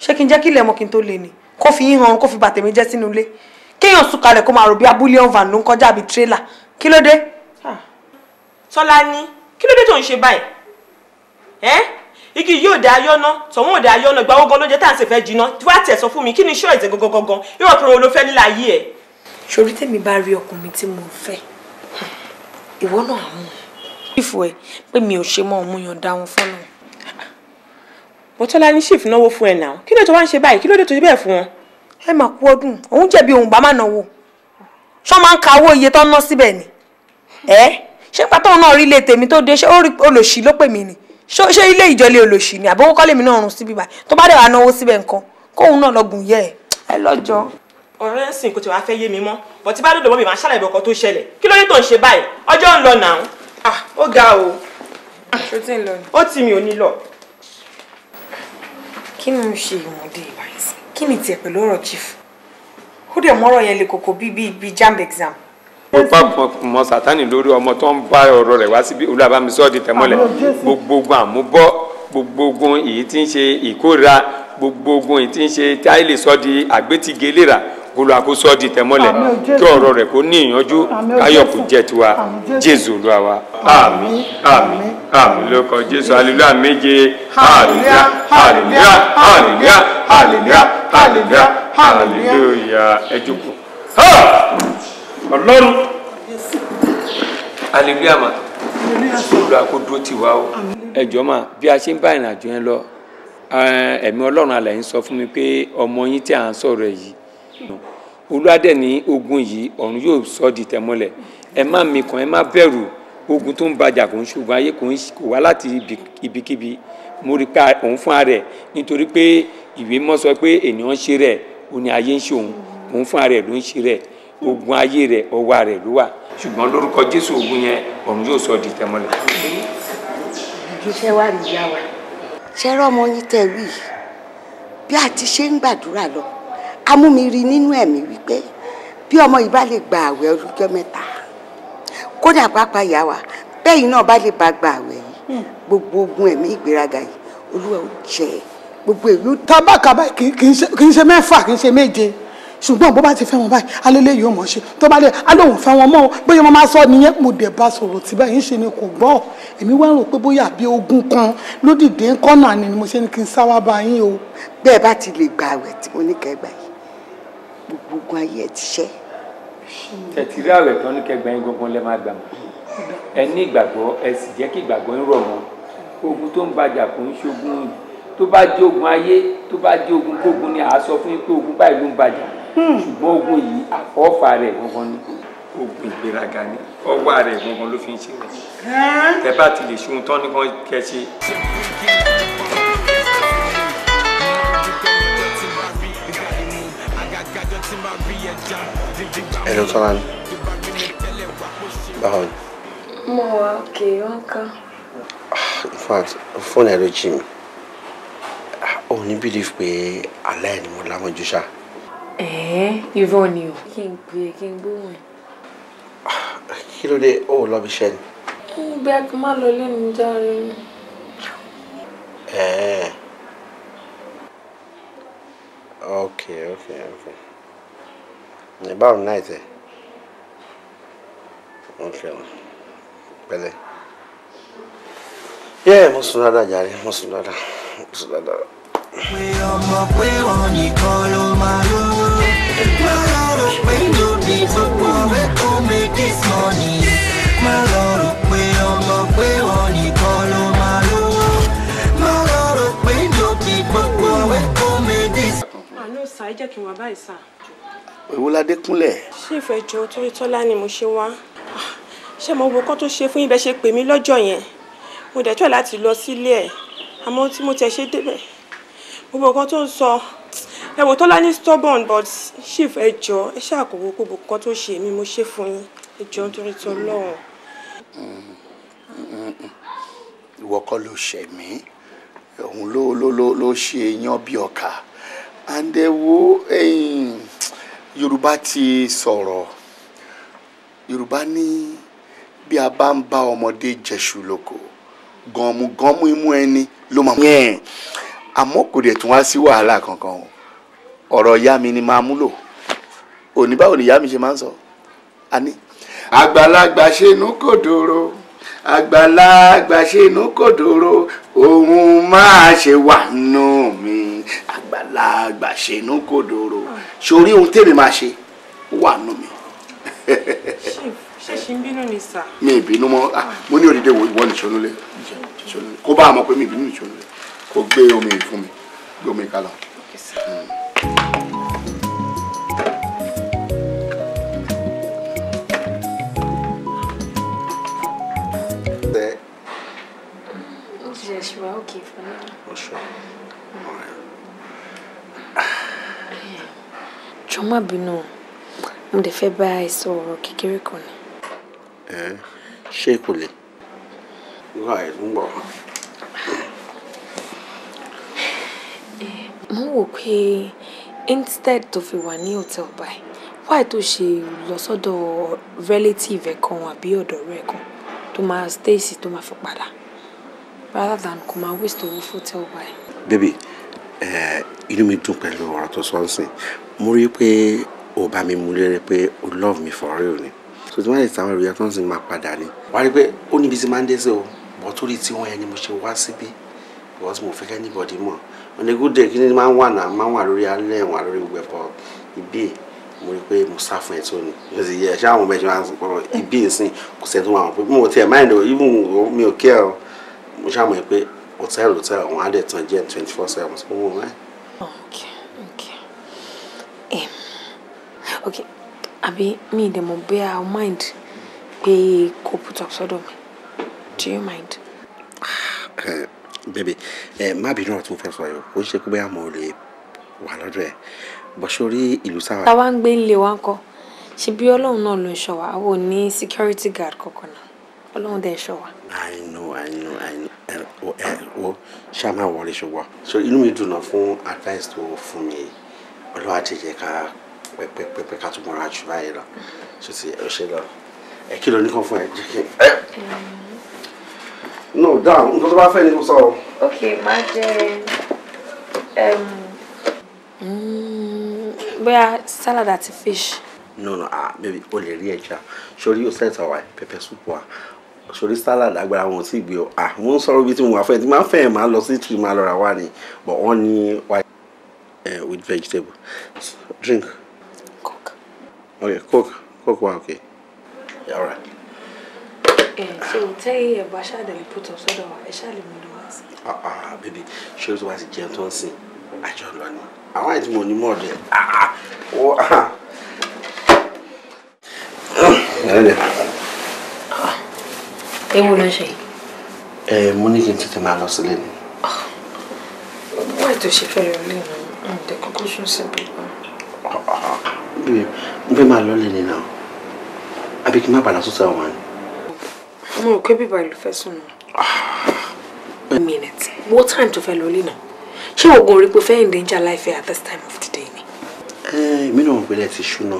ṣé kí n jẹ́ kí ilẹ̀ ọmọ kí n tó le ni kó fi yín hàn kó fi bàtẹ̀mí jẹ́ sínú ilé kéèyàn sùn kalẹ̀ kó máa rò bí abúlé ọ̀vàn ló ń kọjá àbí tírélà kí ló dé. Sọláni kí ló dé tó ń ṣe báyìí igi yóò dá ayọ́nà tọ̀wọ́n ò dá ayọ́nà ìgbà ogun ló jẹ́ tá à ń ṣe fẹ́ jiná tí wàá tẹ̀ sọ fún mi kí ni ṣọ́ọ̀ṣì gangan gangan yóò tó ló fẹ́ nílà ayé ẹ̀. sori tèmi bá rí ọkùnrin tí mo fẹ́ ìwọ náà mú un. ṣífù ẹ pé mi ò ṣe mọ òun yàn dá wọn fọlọ. bọ́tọ́lá ní ṣìfù náwó fún ẹ náà kí ló tó wá ń ṣe báyìí kí ló dé tó ṣe bẹ́ẹ̀ fún wọn. ẹ máa kú ọdún òun jẹ̀bi òun bá má náwó ṣọ́ máa ń ka owó iye tó ń ná síbẹ̀ ni ẹ ṣé pátá òun náà rí ilé tèmi tó dé ṣé ó lòṣì ló pè mí ni ṣé ilé ìjọlé olóṣì ni àbówó kọ́lé mi náà rùn síbí báyìí tó bá dẹ̀ wá náwó síbẹ̀ nǹkan kóun náà lọ́gùn yẹ ẹ̀ ẹ lọ́jọ́. ọ̀rẹ́ ń sìn kò tí wàá fẹ́ yé mi mọ́ bọ̀ tí bá dòdò mọ́ mi máa ṣàlàyé ọkọ̀ tó ṣẹlẹ̀ kí ló dé tó ń ṣe báyìí ọjọ́ ń lọ nàá ah, ó ga o ó tì mí ò ní lọ. kí ni ń ṣe ìwọ̀nde ìbáyìí sí kí ni tiẹ̀ pẹ̀lú ọ̀rọ̀ chief ó dẹ̀ mọ́rọ̀ yẹn le kòkó bíi bíi jamb exam mo pa mọ sátánì lórí ọmọ tó ń bá ọ̀rọ̀ rẹ̀ wá síbi olùbámisọ́ di tẹ̀mọ́lẹ̀ gbogbo àmúbọ́ gbogbo èyí tí ń ṣe ìkórira gbogbo èyí tí ń ṣe táìlì sọ́ di àgbétigélera olùwàkóso ọdí tẹmọlẹ kí ọ̀rọ̀ rẹ̀ kó ní ìyànjú káyọ̀ kó tiwa jésù olúwa wa àmín àmín àmín jésù hallelujah méje hallelujah hallelujah hallelujah hallelujah hallelujah hallelujah ẹ jókòó ọlọ́run hallelujah ma olùdó àkódó ti wá o ẹjọ́ mà bí a ṣe ń bá ìrìnàjò yẹn lọ eh, ẹ̀mí ọlọ́run alẹ́ ń sọ fún mi pé ọmọ yín tí à ń sọ̀rọ̀ yìí olùwádẹ ní ogun yìí ọ̀run yóò sọ di tẹ̀mọ́lẹ̀ ẹ má mikàn ẹ má bẹ̀rù ogun tó ń bàjà kò ń ṣùgbọ́n ayé kò ń kò wá láti ibikíbi mo rí pé òun fún ara nítorí pé ìwé mọ́ sọ pé ènìyàn ń ṣe rẹ̀ òun ni ayé ń ṣe òun òun fún ara ló ń ṣe rẹ̀ ogun ayé rẹ ọwọ́ rẹ ló wà ṣùgbọ́n lórúkọ jésù ogun yẹn ọ̀run yóò sọ di tẹmọ́lẹ̀. iṣẹ́ wa rí wa ṣe rọ́mọ yín tẹ̀ wí bí a ti ṣe ń gbàdúrà lọ amúmiri nínú ẹ̀mí wípé bí ọmọ yìí bá lè gba àwẹ̀ ọlọ́jọ́ mẹ́ta kódà pápá ìyá wa bẹ́ẹ̀ náà bá lè bá gba àwẹ̀ yìí gbogbo ogun ẹ̀mí ìgbéraga yìí olúwa ò jẹ́ gbogbo èyí. tabakaba kì í ṣe mẹ́fà kì í ṣe méje ṣùgbọ́n bó bá ti fẹ́ wọn báyìí alẹ́lẹ́ yóò mọ̀ ṣe tó bá lẹ̀ alóhùn fẹ́ wọn mọ́ o bóyá wọn máa sọ nìyẹn mo dẹ̀ bá sọ̀rọ̀ tí báyìí ń ṣe ni kò gbọ́ èmi wá rò pé bóyá àbí ogun kan lódìdé ń kọ́nà ni mo ṣe ni kí n sáwá bá yín o. bẹ́ẹ̀ bá ti lè gba àwẹ̀ tí mo ní kẹgbà yìí gbogbo ogun ayé ẹ ti ṣẹ́. tẹ̀tìrí àwẹ̀ tó ní kẹgbà yín gbogbo lẹ́ máa gbà mọ́ ẹ ní ìgbàgbọ́ ẹ sì jẹ́ kí ìgbàgbọ́ ń tó bá jẹ́ ogun ayé tó bá jẹ́ ogun kógun ni àá sọ fún yín pé ogun báyìí ló ń bàjà Hmm. ṣùgbọ́n ogun yìí àfọ́fà rẹ̀ gangan ni ogun ìgbéraga ni ọwọ́ rẹ̀ gangan ló fi ń ṣe rẹ̀ tẹ bá ti lè ṣe ohun tán nìkan kẹ ṣe. Hello, Tolani. Báwo ni? Mo wà òkè wọn kan. In fact, fóònù ẹ̀ ló jí mi. Ah, ó ní bílíf pé aláìní mo lámọ̀jú ṣáà ẹ̀ẹ́ eh, irọ́ ni o. kí n pè é kí n gbóhùn ẹ̀. kí ló dé ó lọ bí iṣẹ́ ni. bí a kì í má lọ lẹ́nu járe. ẹ̀ẹ́ eh. ok ok ok ní báwo náà tẹ ok pẹ̀lẹ́ yẹ mo sùn dáadáa jàre mo sùn dáadáa mo sùn dáadáa. pé ọmọ pé wọn nìkan ló máa lówó. My Lord, we no need to worry, go make this money My Lord, we on my way, on you follow my Lord My Lord, we no need to worry, go make this Àná sá, ẹ jẹ́ kí n wá báyìí sá. Èwo ládé kúnlẹ̀. Ṣé ìfẹ́ jọ torí Tọ́lá ni mo ṣe wá? Ah, ṣé mo wo kán tó ṣe fún ibẹ̀ ṣe pè mí lọ́jọ́ yẹn? Mo dẹ̀ tọ́ láti lọ sílé ẹ̀. Àmọ́ tí mo tẹ̀ ṣe débẹ̀, gbogbo nǹkan tó ń sọ ẹ wò Tọ́lá ní stubborn but chief ẹ jọ ẹ ṣàkówó gbogbo kan tó ṣe mí mo ṣe fún yín ẹ jọ nítorí tó lọ́hùn. ìwọ kọ́ ló ṣẹ̀ mí òun ló ló ló ló ṣe yan bí ọkà àǹdẹ̀wò Yorùbá ti sọ̀rọ̀ Yorùbá ní bí a bá ń bá ọmọdé jẹ̀ṣù lóko gànmùgànmù imú ẹni ló máa mú ẹ̀ àmọ́ kò dẹ̀ tún wá sí wàhálà kankan o ọ̀rọ̀ ìyá mi ni máa múlò òní báwo ni ìyá mi ṣe máa ń sọ àní. àgbàlagbà ṣe inú kò dòrò àgbàlagbà ṣe inú kò dòrò òun máa ṣe wà nù mí àgbàlagbà ṣe inú kò dòrò sórí ohun tèmi máa ṣe wà nù mí. ṣe ṣe ń bínú ni sà. mi ìbínú mọ ah, mo ní òdìdè wo ìwọ ni ṣonúlé kó bá a mọ pé mi ìbínú ni ṣonúlé kó gbé omi fún mi gbé omi kálọ. Okay, sir. yes, you are okay for now. Oh, sure. Mm. All right. Jọ̀ọ́ má bínú, mo dẹ̀ fẹ́ bá ẹ sọ ọ̀rọ̀ kékeré kan ni. Ẹ ṣé instead tó fi wà ní hotel báyìí, wáì tó ṣe lọ sọ́dọ̀ relative ẹ̀ kan àbí ọ̀dọ̀ rẹ̀ kan tó máa stay sí tó máa fi padà rather than kò máa waste owó fótẹ́ ọgbà ẹ̀. bébì inú mi dùn pẹ̀lú ọ̀rọ̀ tó sọ ń mo rí pé ò bá mi mú lérè pé o love me for real ni so tí wọ́n lè tàwọn èròyìn tó ń sìn máa padà ni wá rí pé ó níbi tí máa ń dé sí o bọ́ torí tí wọ́n yẹn ni mo ṣe wá síbí because mo fẹ́ anybody mọ̀ on a good day kí ni máa ń wà náà máa ń wà lórí alẹ́ wà lórí gbẹ̀pọ̀ ibi mo rí pé mo sá fún ẹ tó ni mo sì yẹ ṣáà mo bẹ ṣe máa ibi ìsìn kò sẹ́ni tó máa mọ̀ pé mo tiẹ̀ máa ń lò even mi ò kí mo ṣàmọ̀ pé hòtẹ́ẹ̀lì hòtẹ́ẹ̀lì àwọn adẹ̀tàn jẹ́ twenty four seven sí wọn rẹ̀. ok ok um, ok àbí mi ìdè mo bẹ́ àwọn mind pé kò put up sọ́dọ̀ mi do you mind. bẹ́ẹ̀ ah, eh, bẹ́ẹ̀ eh, má bínú ọ̀tún fẹ́ sọ yìí ó ṣe pé bóyá mo lè wà lọ́dọ̀ ẹ̀ bọ́ sórí ìlú sáwà. táwa ń gbé ńlẹ̀ wa ń kọ́ ṣe bí ọlọ́run náà ló ń ṣọ́ wa àwọn ò ní security guard kankan náà ọlọ́run dẹ̀ ṣọ wa. i know i know i know ẹ ẹ wo ṣá máa wọlé ṣùgbọ́n so inú mi dùn náà fún advice tó fún mi ọlọ́wà ti jẹ́ ká pẹ́pẹ́pẹ́ ká tún mọ́ra jù báyìí lọ so ti ẹ ṣe lọ ẹ kí ló ní kàn fún ẹ jẹ́ kí ẹ. no down nǹkan tó bá fẹ́ ni kò sọ. ok máa jẹ hmm, bóyá salad àti fish. no no ah baby o lè rí ẹja sórí o set our pepper soup wa sori salad agbára wọn sì gbé ọ Ah, wọn sọ̀rọ̀ bí tí mo wà fẹ́ tí máa fẹ́ máa lọ sí tìrì máa lọ ra wá ni but wọn ní white uh, with vegetable so, drink. coke. okay coke coke wa okay yeah, all right. Yeah, so tẹ́yìn ẹ̀bà ṣáàdẹ̀lẹ̀ put up sọ́dọ̀ wa ẹ̀ ṣáàlẹ̀ mú lọ wá sí. ah ah baby ṣé o ti wá sí jẹun tó ń sìn àjọ lọ ni àwọn àìsí mo ní mọ̀ọ́dẹ ah ah ó ah. ewu ló ṣe. ẹ mo ní kí n tètè máa lọ sílé ni. wọ́n ètò ṣe fẹ́ yọ de mi ǹdẹ kókó sún síbi. n fẹ́ máa lọ lé ni náà àbí kí n má padà sùn sáwọn wa ni. mo rò pé bíbá ìlú fẹ́ sùn nù. one minute what time tó fẹ́ lọ lé náà ṣé oògùn orí pé fẹ́ endanger life at this time of the day ni. ẹ mi náà mọ̀ pé lẹ́ẹ̀ ti ṣúná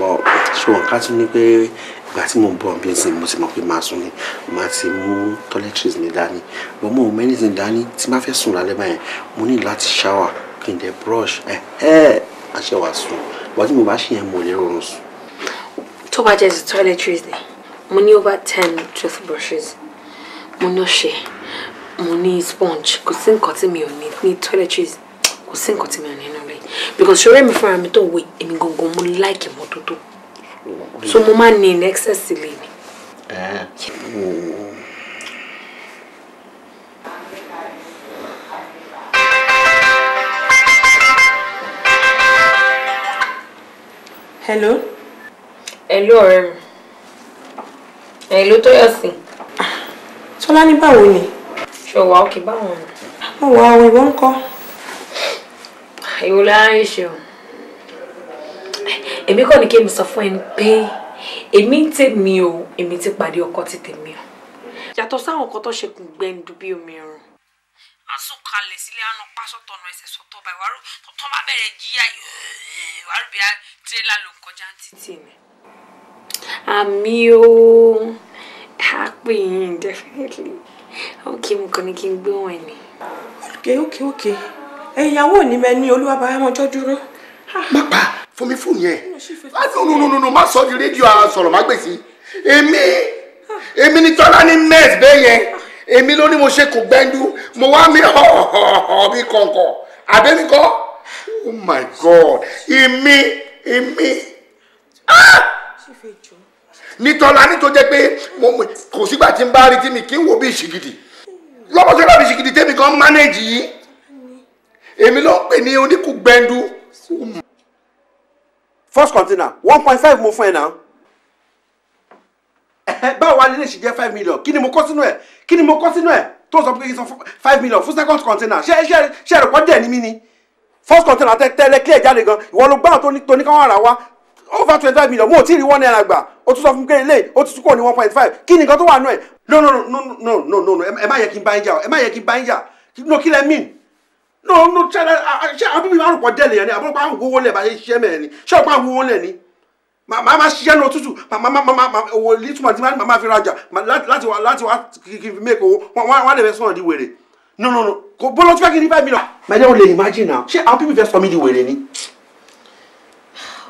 bọ̀ ṣùgbọ́n ká tún ní pé ìgbà tí mo ń bọ̀ bí nsìn mo ti mọ̀ pé màá sùn ni màá ti mú toiletries mi Dani. but mo ò mẹ́ni ti dání tí má fẹ́ sùn lálẹ́ báyẹn mo ní láti shower kí n dẹ̀ brush ẹ̀ ẹ́ àṣẹ wàá sùn ìgbà tí mo bá ṣe yẹn mo lè rọrùn sùn. tó bá jẹ́ ti toiletries ni mo ní over ten toothbrushes mo ní ọṣẹ mo ní sponge kò sí nǹkan tí mi ò ní ní toiletries kò sí nǹkan tí mi ò ní nínú rẹ̀ because ṣọlẹ́ mi fúnra mi tó wé èmi gangan mo like ìmọ́tótó so mo máa ní excess lè ní. hello. hello ọ̀rẹ́ mi hello Tóyọ̀sí. Tọ́lá ní báwo ni. ṣọwọ́ òkè báwọn ni. mo wà ọ̀wẹ̀ wọ́n ń kọ́. ìwòlá ń ṣe o èmi kọ́ ni kí èmi sọ fún ẹni pé èmi ń tèmi o èmi ti pàdé ọkọ ti tèmi o. yàtọ̀ sáwọn ọkọ tó ṣekùn gbẹ́ndú bí omi ọ̀run. àsùn kalẹ̀ sílé àánú pásọ̀tọ̀ ọ̀nà ẹsẹ̀ sọ̀tọ̀ báyìí wàá rú tó bá bẹ̀rẹ̀ jíyà wàá rú tirẹ́là ló ń kọjá títì mi. àmì o happy yín definitely ok mo kàn ní kí n gbé wọn ni. ok ok ok ẹ̀yàwó ò ní mẹ́ ní olúwa bàbá mọ́jọ́ dúró. pápá fún mi fóònù yẹn nùnùnùnù ah, má sọ di rédíò sọ̀rọ̀ má gbèsè èmi èmi ni tọ́lá ní mẹ́ẹ̀sì bẹ́ẹ̀ yẹn èmi ló ní mo ṣe kò gbẹ́ndú mo wá mi họ̀họ̀họ̀ bí kọ̀ọ̀kan àbẹ́mi kọ́ oh my god èmi èmi ah! nítọ́lá nítorí jẹ́ pé kò sígbà tí n bá rí tí mi kì í wò bí ìṣìgìdì lọ́wọ́ tó láti ṣìgìdì tẹ́mi kan mánéèjì yìí èmi ló ń pè ní oníkùgbẹ́ndú first container one point five mo fún ẹ náà eh, eh, báwo wá nílé ṣì jẹ́ five million kí ni mo kọ́ sínú ẹ̀ kí ni mo kọ́ sínú ẹ̀ tó sọ pé kí n sọ five million fún second container ṣé ṣé ṣé ẹ̀rọ pọ́ dẹ̀ ní mí ni first container tẹ tẹ́lẹ̀ clear jáde gan ìwọ ló gbọ́n tó ní tó ní káwọn ara wa over twenty five million mo ò tí ì rí one naira gbà o tún sọ fún mi pé ilé o tún kò ní one point five kí ni nǹkan tó wà nù ẹ̀ no no no no no no no ẹ má yẹ kí n bá yín jà ẹ má yẹ kí n bá yín jà no kí lẹ mean no no ṣẹlẹ ṣe àbúrò mi máa rò pọ̀ dẹ́lẹ̀ yẹn ni àbúrò máa ń wowó lẹ̀ bá ṣe ṣiṣẹ́ mẹ́rin ni ṣé o máa wowó lẹ̀ ni màá máa ṣiṣẹ́ ní òtútù màá máa máa owó lítúmọ̀ tí màá fi rajà láti wá láti wá kí n fi mẹ́kọ̀ wọ́n wá lè fẹ́ sọ̀rọ̀ di wèrè no no no kò bọ́lọ́ tí wọ́n kí ní five million. mẹ́jẹ̀ o lè imagine now ṣé àwọn pípì fẹ́ sọ mí di wèrè ni.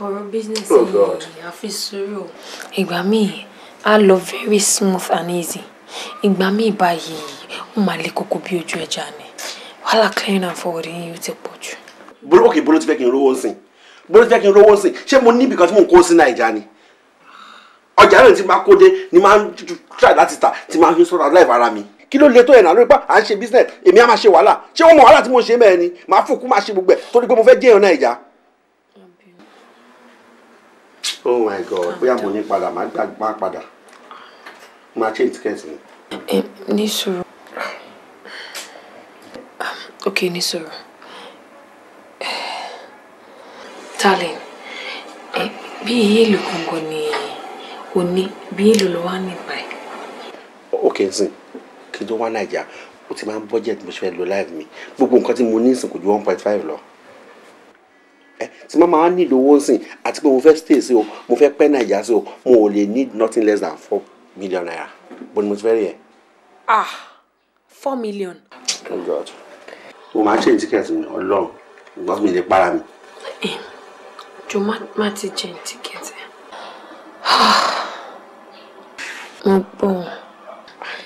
ọ̀rọ̀ business yìí oh àfi sùúrù ìgbà míì I, lọ very smooth and easy ìgbà míì báyìí ó máa le koko bí ojú ẹja ni wàhálà clearing and forwarding yìí ti pọ̀ jù. bolo ok bolo ti fẹ́ kí n rówó nsìn bolo ti fẹ́ kí n rówó nsìn ṣé mo ní ibì kan tí mò ń kó sí nàìjà ni ọjà náà ti máa kó dé ni máa ń try láti tà ti máa ń fi sọ́ra láì fara mi kí ló le tó ẹ̀nà lórí pa à ń ṣe business èmi á máa ṣe wàhálà ṣé wọ́n mọ wàhálà tí mo ṣe mẹ́ẹ̀ ni màá fòkú máa ṣe gbogbo ẹ̀ torí pé mo fẹ́ jẹ́ èèyàn nàìjà. oh my god bóyá mo ní padà máa gbà padà máa change ticket mi. ní sùúrù Ok, ní sọ̀rọ̀. Darling, eh, bí iye èlò gangan ni o ní, bí èlò ló wá ní báyìí. Ok, nsìn, kí n tó wá Nàìjíríà, mo ti máa ń bọ́jẹ̀tì mo ṣe fẹ́ lo life mi. Gbogbo nǹkan tí mo ní ìsìn kò ju one point five lọ. Ẹ tí máa máa nílò owó nsìn àti pé mo fẹ́ stay sí o, mo fẹ́ pẹ́ Nàìjíríà sí o, mo ò lè need nothing less than four million naira. Bọ́ni mo ti fẹ́ rí ẹ. Ah, four million. Oh God o máa change ticket mi ọlọ́run ìgbọ́n mi lè para mi. jọ má ti change ticket mo gbọ́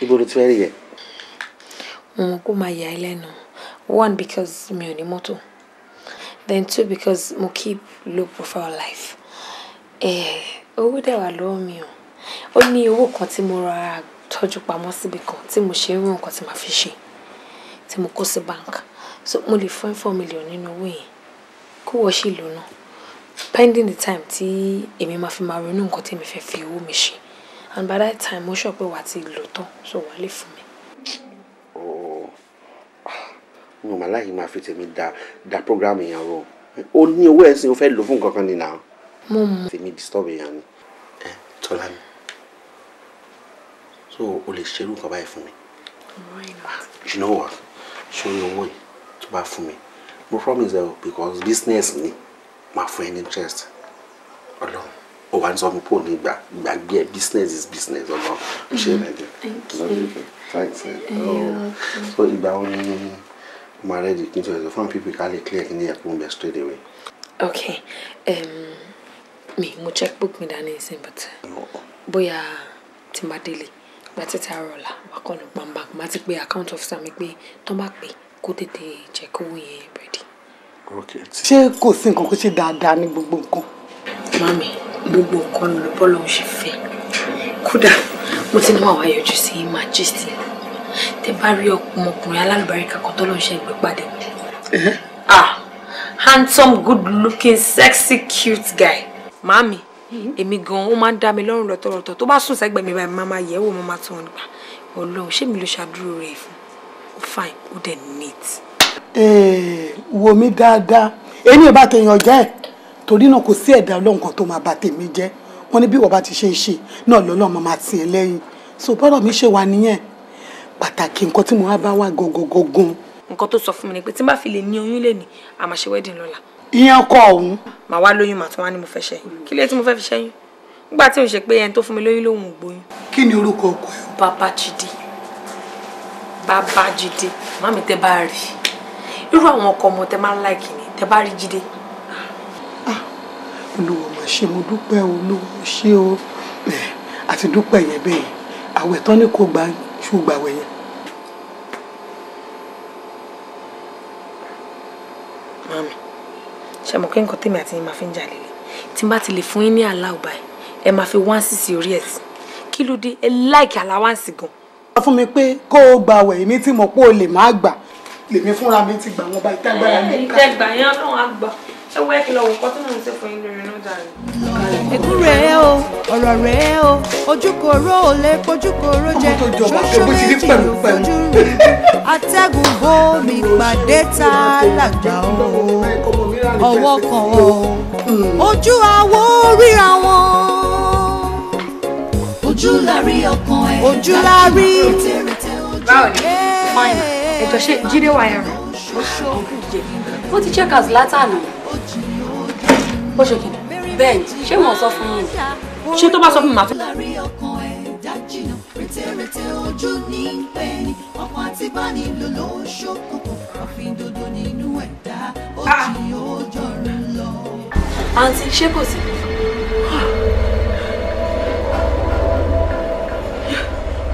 ibo ló ti fẹ́ rí yẹ. mo mọ̀ kó máa yà á lẹ́nu one because mi ò ní mọ́tò then two because mo keep low profile life owó dẹ̀ wà lọ́wọ́ mi o ó ní owó kan tí mo ra tọ́jú pamọ́ síbi kan tí mo ṣe ń rún nǹkan tí màá fi ṣe tí mo kó sí bank so mo lè fún four million nínú owó yẹn kó wọ́n ṣì lò ná pending the time tí èmi máa fi máa ronú nǹkan tí èmi fẹ́ fi owó mi ṣe and by that time mo sọ pé wàá ti lò tán so wàá lè fún mi. mi ò mà láyé máa fi tèmi da da program yẹn rọ o ní owó ẹ̀sìn o fẹ́ lò fún nǹkan ni náà. mo mọ tèmi disturb èèyàn ni. ẹ tọ́lá mi so o lè ṣerú nǹkan báyìí fún mi. you know what ṣòro owó yìí To buy for me. mo promise ẹ because business ni máa fún interest alone. Oh, wà ní sọ fún pọ́ùn ní ìgbà gbàgbé ẹ business is business ọlọ́run ṣe Thank you. thanks eh. ẹ oh. so ìgbà wo ni máa ready kí n sọ fún pp ká lè clear kí ni ẹ̀kún bẹ straight away. okay um, mi mo checkbook mi dání ìsìn but No. tí n bá but gba títí àárọ̀ ọ̀la wà kọ́ ló gbàǹbà má ti pé account officer mi pé tán bá pè kó tètè jẹ́ kówó yẹn bẹ̀rẹ̀. ṣé kò sí nǹkan kó ṣe dáadáa ní gbogbo nǹkan. mami gbogbo nǹkan ló bọ́lá ń ṣe fẹ́ kódà mo ti ní wàá yọjú sí majesty tẹ bá rí ọmọkùnrin alálùbáríkà kan tó ló ṣe ìgbẹ́ pàdé. ah handsome good looking sexy cute guy. mami èmi gan ó máa ń dá mi lọ́rùn lọ́tọ̀ọ̀tọ̀ tó bá sùn sẹ́gbẹ̀ẹ́ mi báyìí máa máa yẹ̀wò máa máa tún wọn gbà ọlọ́run ṣé mi ló ṣàdúró rẹ̀ fún fine ó dẹ̀ neat. Eh, wo mi dáadáa èmi ò bá tèèyàn jẹ́ ẹ̀ torí náà kò sí ẹ̀dá ọlọ́run kan tó máa bà tèmi jẹ́ wọ́n ní bí wọ́n bá ti ṣe ń ṣe náà lọ́lọ́run máa tì ẹ́ so bọ́rọ̀ mi ṣe wà nìyẹn pàtàkì nǹkan tí mo wá bá wà gangan. nǹkan tó sọ fún mi ni pé tí n bá fi lè ní oyún lè ní a máa ṣe wedding lọ́la. ìyẹn ọkọ ọ̀hún. màá wá lóyún màá tún wá ní mo fẹ́ ṣẹ́yìn kí lè tí mo fẹ́ fi ṣẹ́yìn nígbà tí mo ṣe pé ẹni tó fún mi lóyún lòun ò gbóyún. kí ni orúkọ ọkọ bàbá jíde màmí tẹ bá rí irú àwọn ọkọ ọmọ tẹ máa ń láìkì ni tẹ bá rí jíde. Ah, olúwo mà ṣe mo dúpẹ́ olúwo ṣé o àti dúpẹ́ yẹn bẹ́ẹ̀ àwẹ̀ tán ni kò gbà ṣùgbà wẹ̀ yẹn. màmí ṣe mọ̀ kí nǹkan tèmi àti yín máa fi ń jà lélẹ̀ tí n bá ti lè fún yín ní aláwọ̀ báyìí ẹ máa fi wáǹsì sí orí ẹ̀ sí kí ló dé ẹ láìkì aláwáǹsì gan-an sọ fún mi pé kó o gba àwẹ̀ èmi tí mo pé o lè má gbà lèmi fúnra mi ti gbà wọn bá ìtẹ́gbára mi ká. ẹ̀ẹ́dì tẹ́gbà yẹn ọlọ́run á gbà ẹwẹ́ kí lọ wò kọ́ tó náà ń ṣe fún yín lórí náà dàrú. èkú rèé o ọ̀rọ̀ rèé o ojúkòrò ò lè pojúkòrò jẹ ṣoṣo méjì ló fojú rí atẹ́gùn bómi pàdé ta làgbà o ọwọ́ kan o ojú àwo ríra wọn ojú la rí ọkàn ẹ̀ ojú la rí. báwo ni fine ẹjọ ṣe jíde wà ẹ rẹ ó ti check out látàná ó ṣe kìnnì bẹ́ẹ̀ ni ṣé wọ́n sọ fún yín ṣé tó bá sọ fún mi màá ah. àǹtí ṣé kò sí.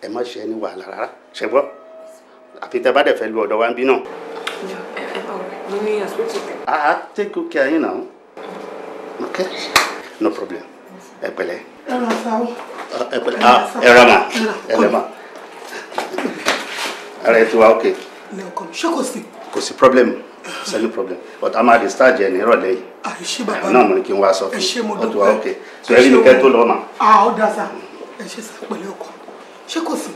ẹ má ṣe ẹni wàhálà rárá ṣe gbọ́ àfi tẹ bá dẹ̀ fẹ́ lu ọ̀dọ̀ wa ń bí náà. mo a ah, ah, take good care yín náà ok no problem ẹ pẹ̀lẹ́. ẹ ràn sá o. Ah, ẹ pẹ̀lẹ́ ẹ ràn mà ẹ lẹ mà ara ẹ ti wa ok. ṣé kò sí. kò sí problem sẹ́ni problem but a máa discharge ẹ̀ nírọ̀lẹ́ yìí. àìṣe bàbá mi náà mo ní kí n wá sọ fún un ó ti ok so ẹ rí mi kẹ́ tó lọ́ọ́ mà. a ó dá sa ẹ ṣe sá pẹ̀lú ọkọ ṣé kò sí.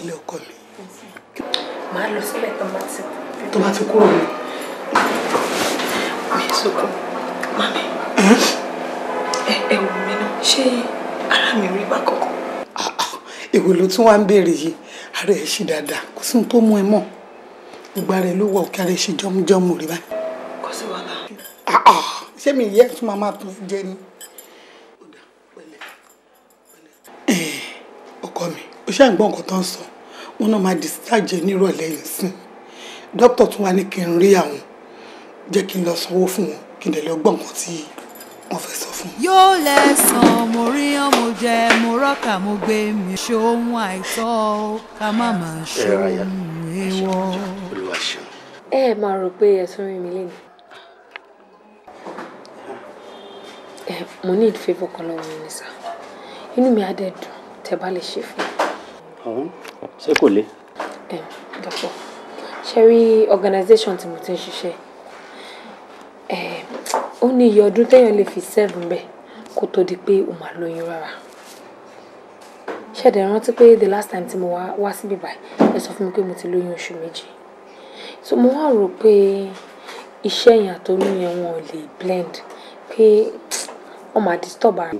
ilé ọkọ mi. màá lọ sílẹ̀ tó bá ti. tó bá ti kúrò mi. mi sọkọ mami ẹ wò mí náà ṣé ara mi rí bá kọkọ. èwo ló tún wá ń béèrè yìí ara ẹ ṣe dáadáa kò sí tó mú ẹ mọ gbogbo ara ẹ ló wọ òkè ara ẹ ṣe jọmújọmú rí báyìí. kò wàhálà. Ah, ah. ṣé mi ìyá ẹ tún máa tún jẹ ni. ọkọ mi ó ṣáà ń gbọ́ nǹkan tó ń sọ wọn náà máa discharge nírọ̀lẹ́ yìí sìn dókítà tún wá ní kí n rí àwọn jẹ́ kí n lọ sanwó fún wọn kí n lè lọ gbọ́ nǹkan tí wọ́n fẹ́ sọ fún mi. yóò lẹ́sàn mo ríyàn mo jẹ mo rọ́kà mo gbé mi ṣòun àìsàn ká má máa ṣòun èèwọ̀. ẹ ẹ máa rò pé ẹsùn rí mi lẹ́nu. mo ní ìfẹ́ fọkànlọ́wọ́ mi sá inú mi á dẹ̀ dùn tẹ bá lè ṣe fún un. ṣé kò le. dọ́pọ̀ ṣe rí organization tí mo ti ń ṣiṣẹ́ ó ní iye ọdún téèyàn lè fi sẹ́ẹ̀bù mbẹ́ kó tó di pé o máa lóyún rárá ṣẹ̀dẹ̀ rántí pé the last time tí mo wá wá báyìí ẹ sọ fún mi pé mo ti lóyún oṣù méjì so mo wá rò pé iṣẹ́ yẹn àtọ́nú yẹn lè blend pé wọ́n máa disturb ara.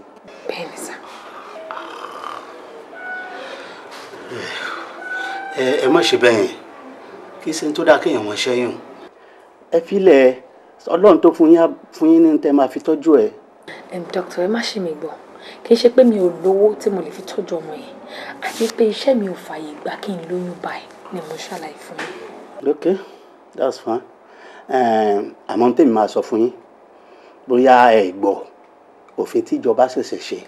ẹ má ṣe bẹ́ẹ̀ yẹn kí ṣe ń tó dáa kéèyàn mọ ṣẹ́yìn. ẹ filẹ̀ ọlọ́run tó fún yín fún yín ní tẹ́ máa fi tọ́jú ẹ̀. dókítà ẹ má ṣe mí gbọ́ kì í ṣe pé mi ò lówó tí mo lè fi tọ́jú ọmọ yẹn àti pé iṣẹ́ mi ò fààyè gbà kí n lóyún báyìí ni mo ṣàlàyé fún mi. ok that's fine àmọ́ um, tèmi máa sọ fún yín bóyá ẹ gbọ́ òfin tíjọba ṣẹ̀ṣẹ̀ ṣe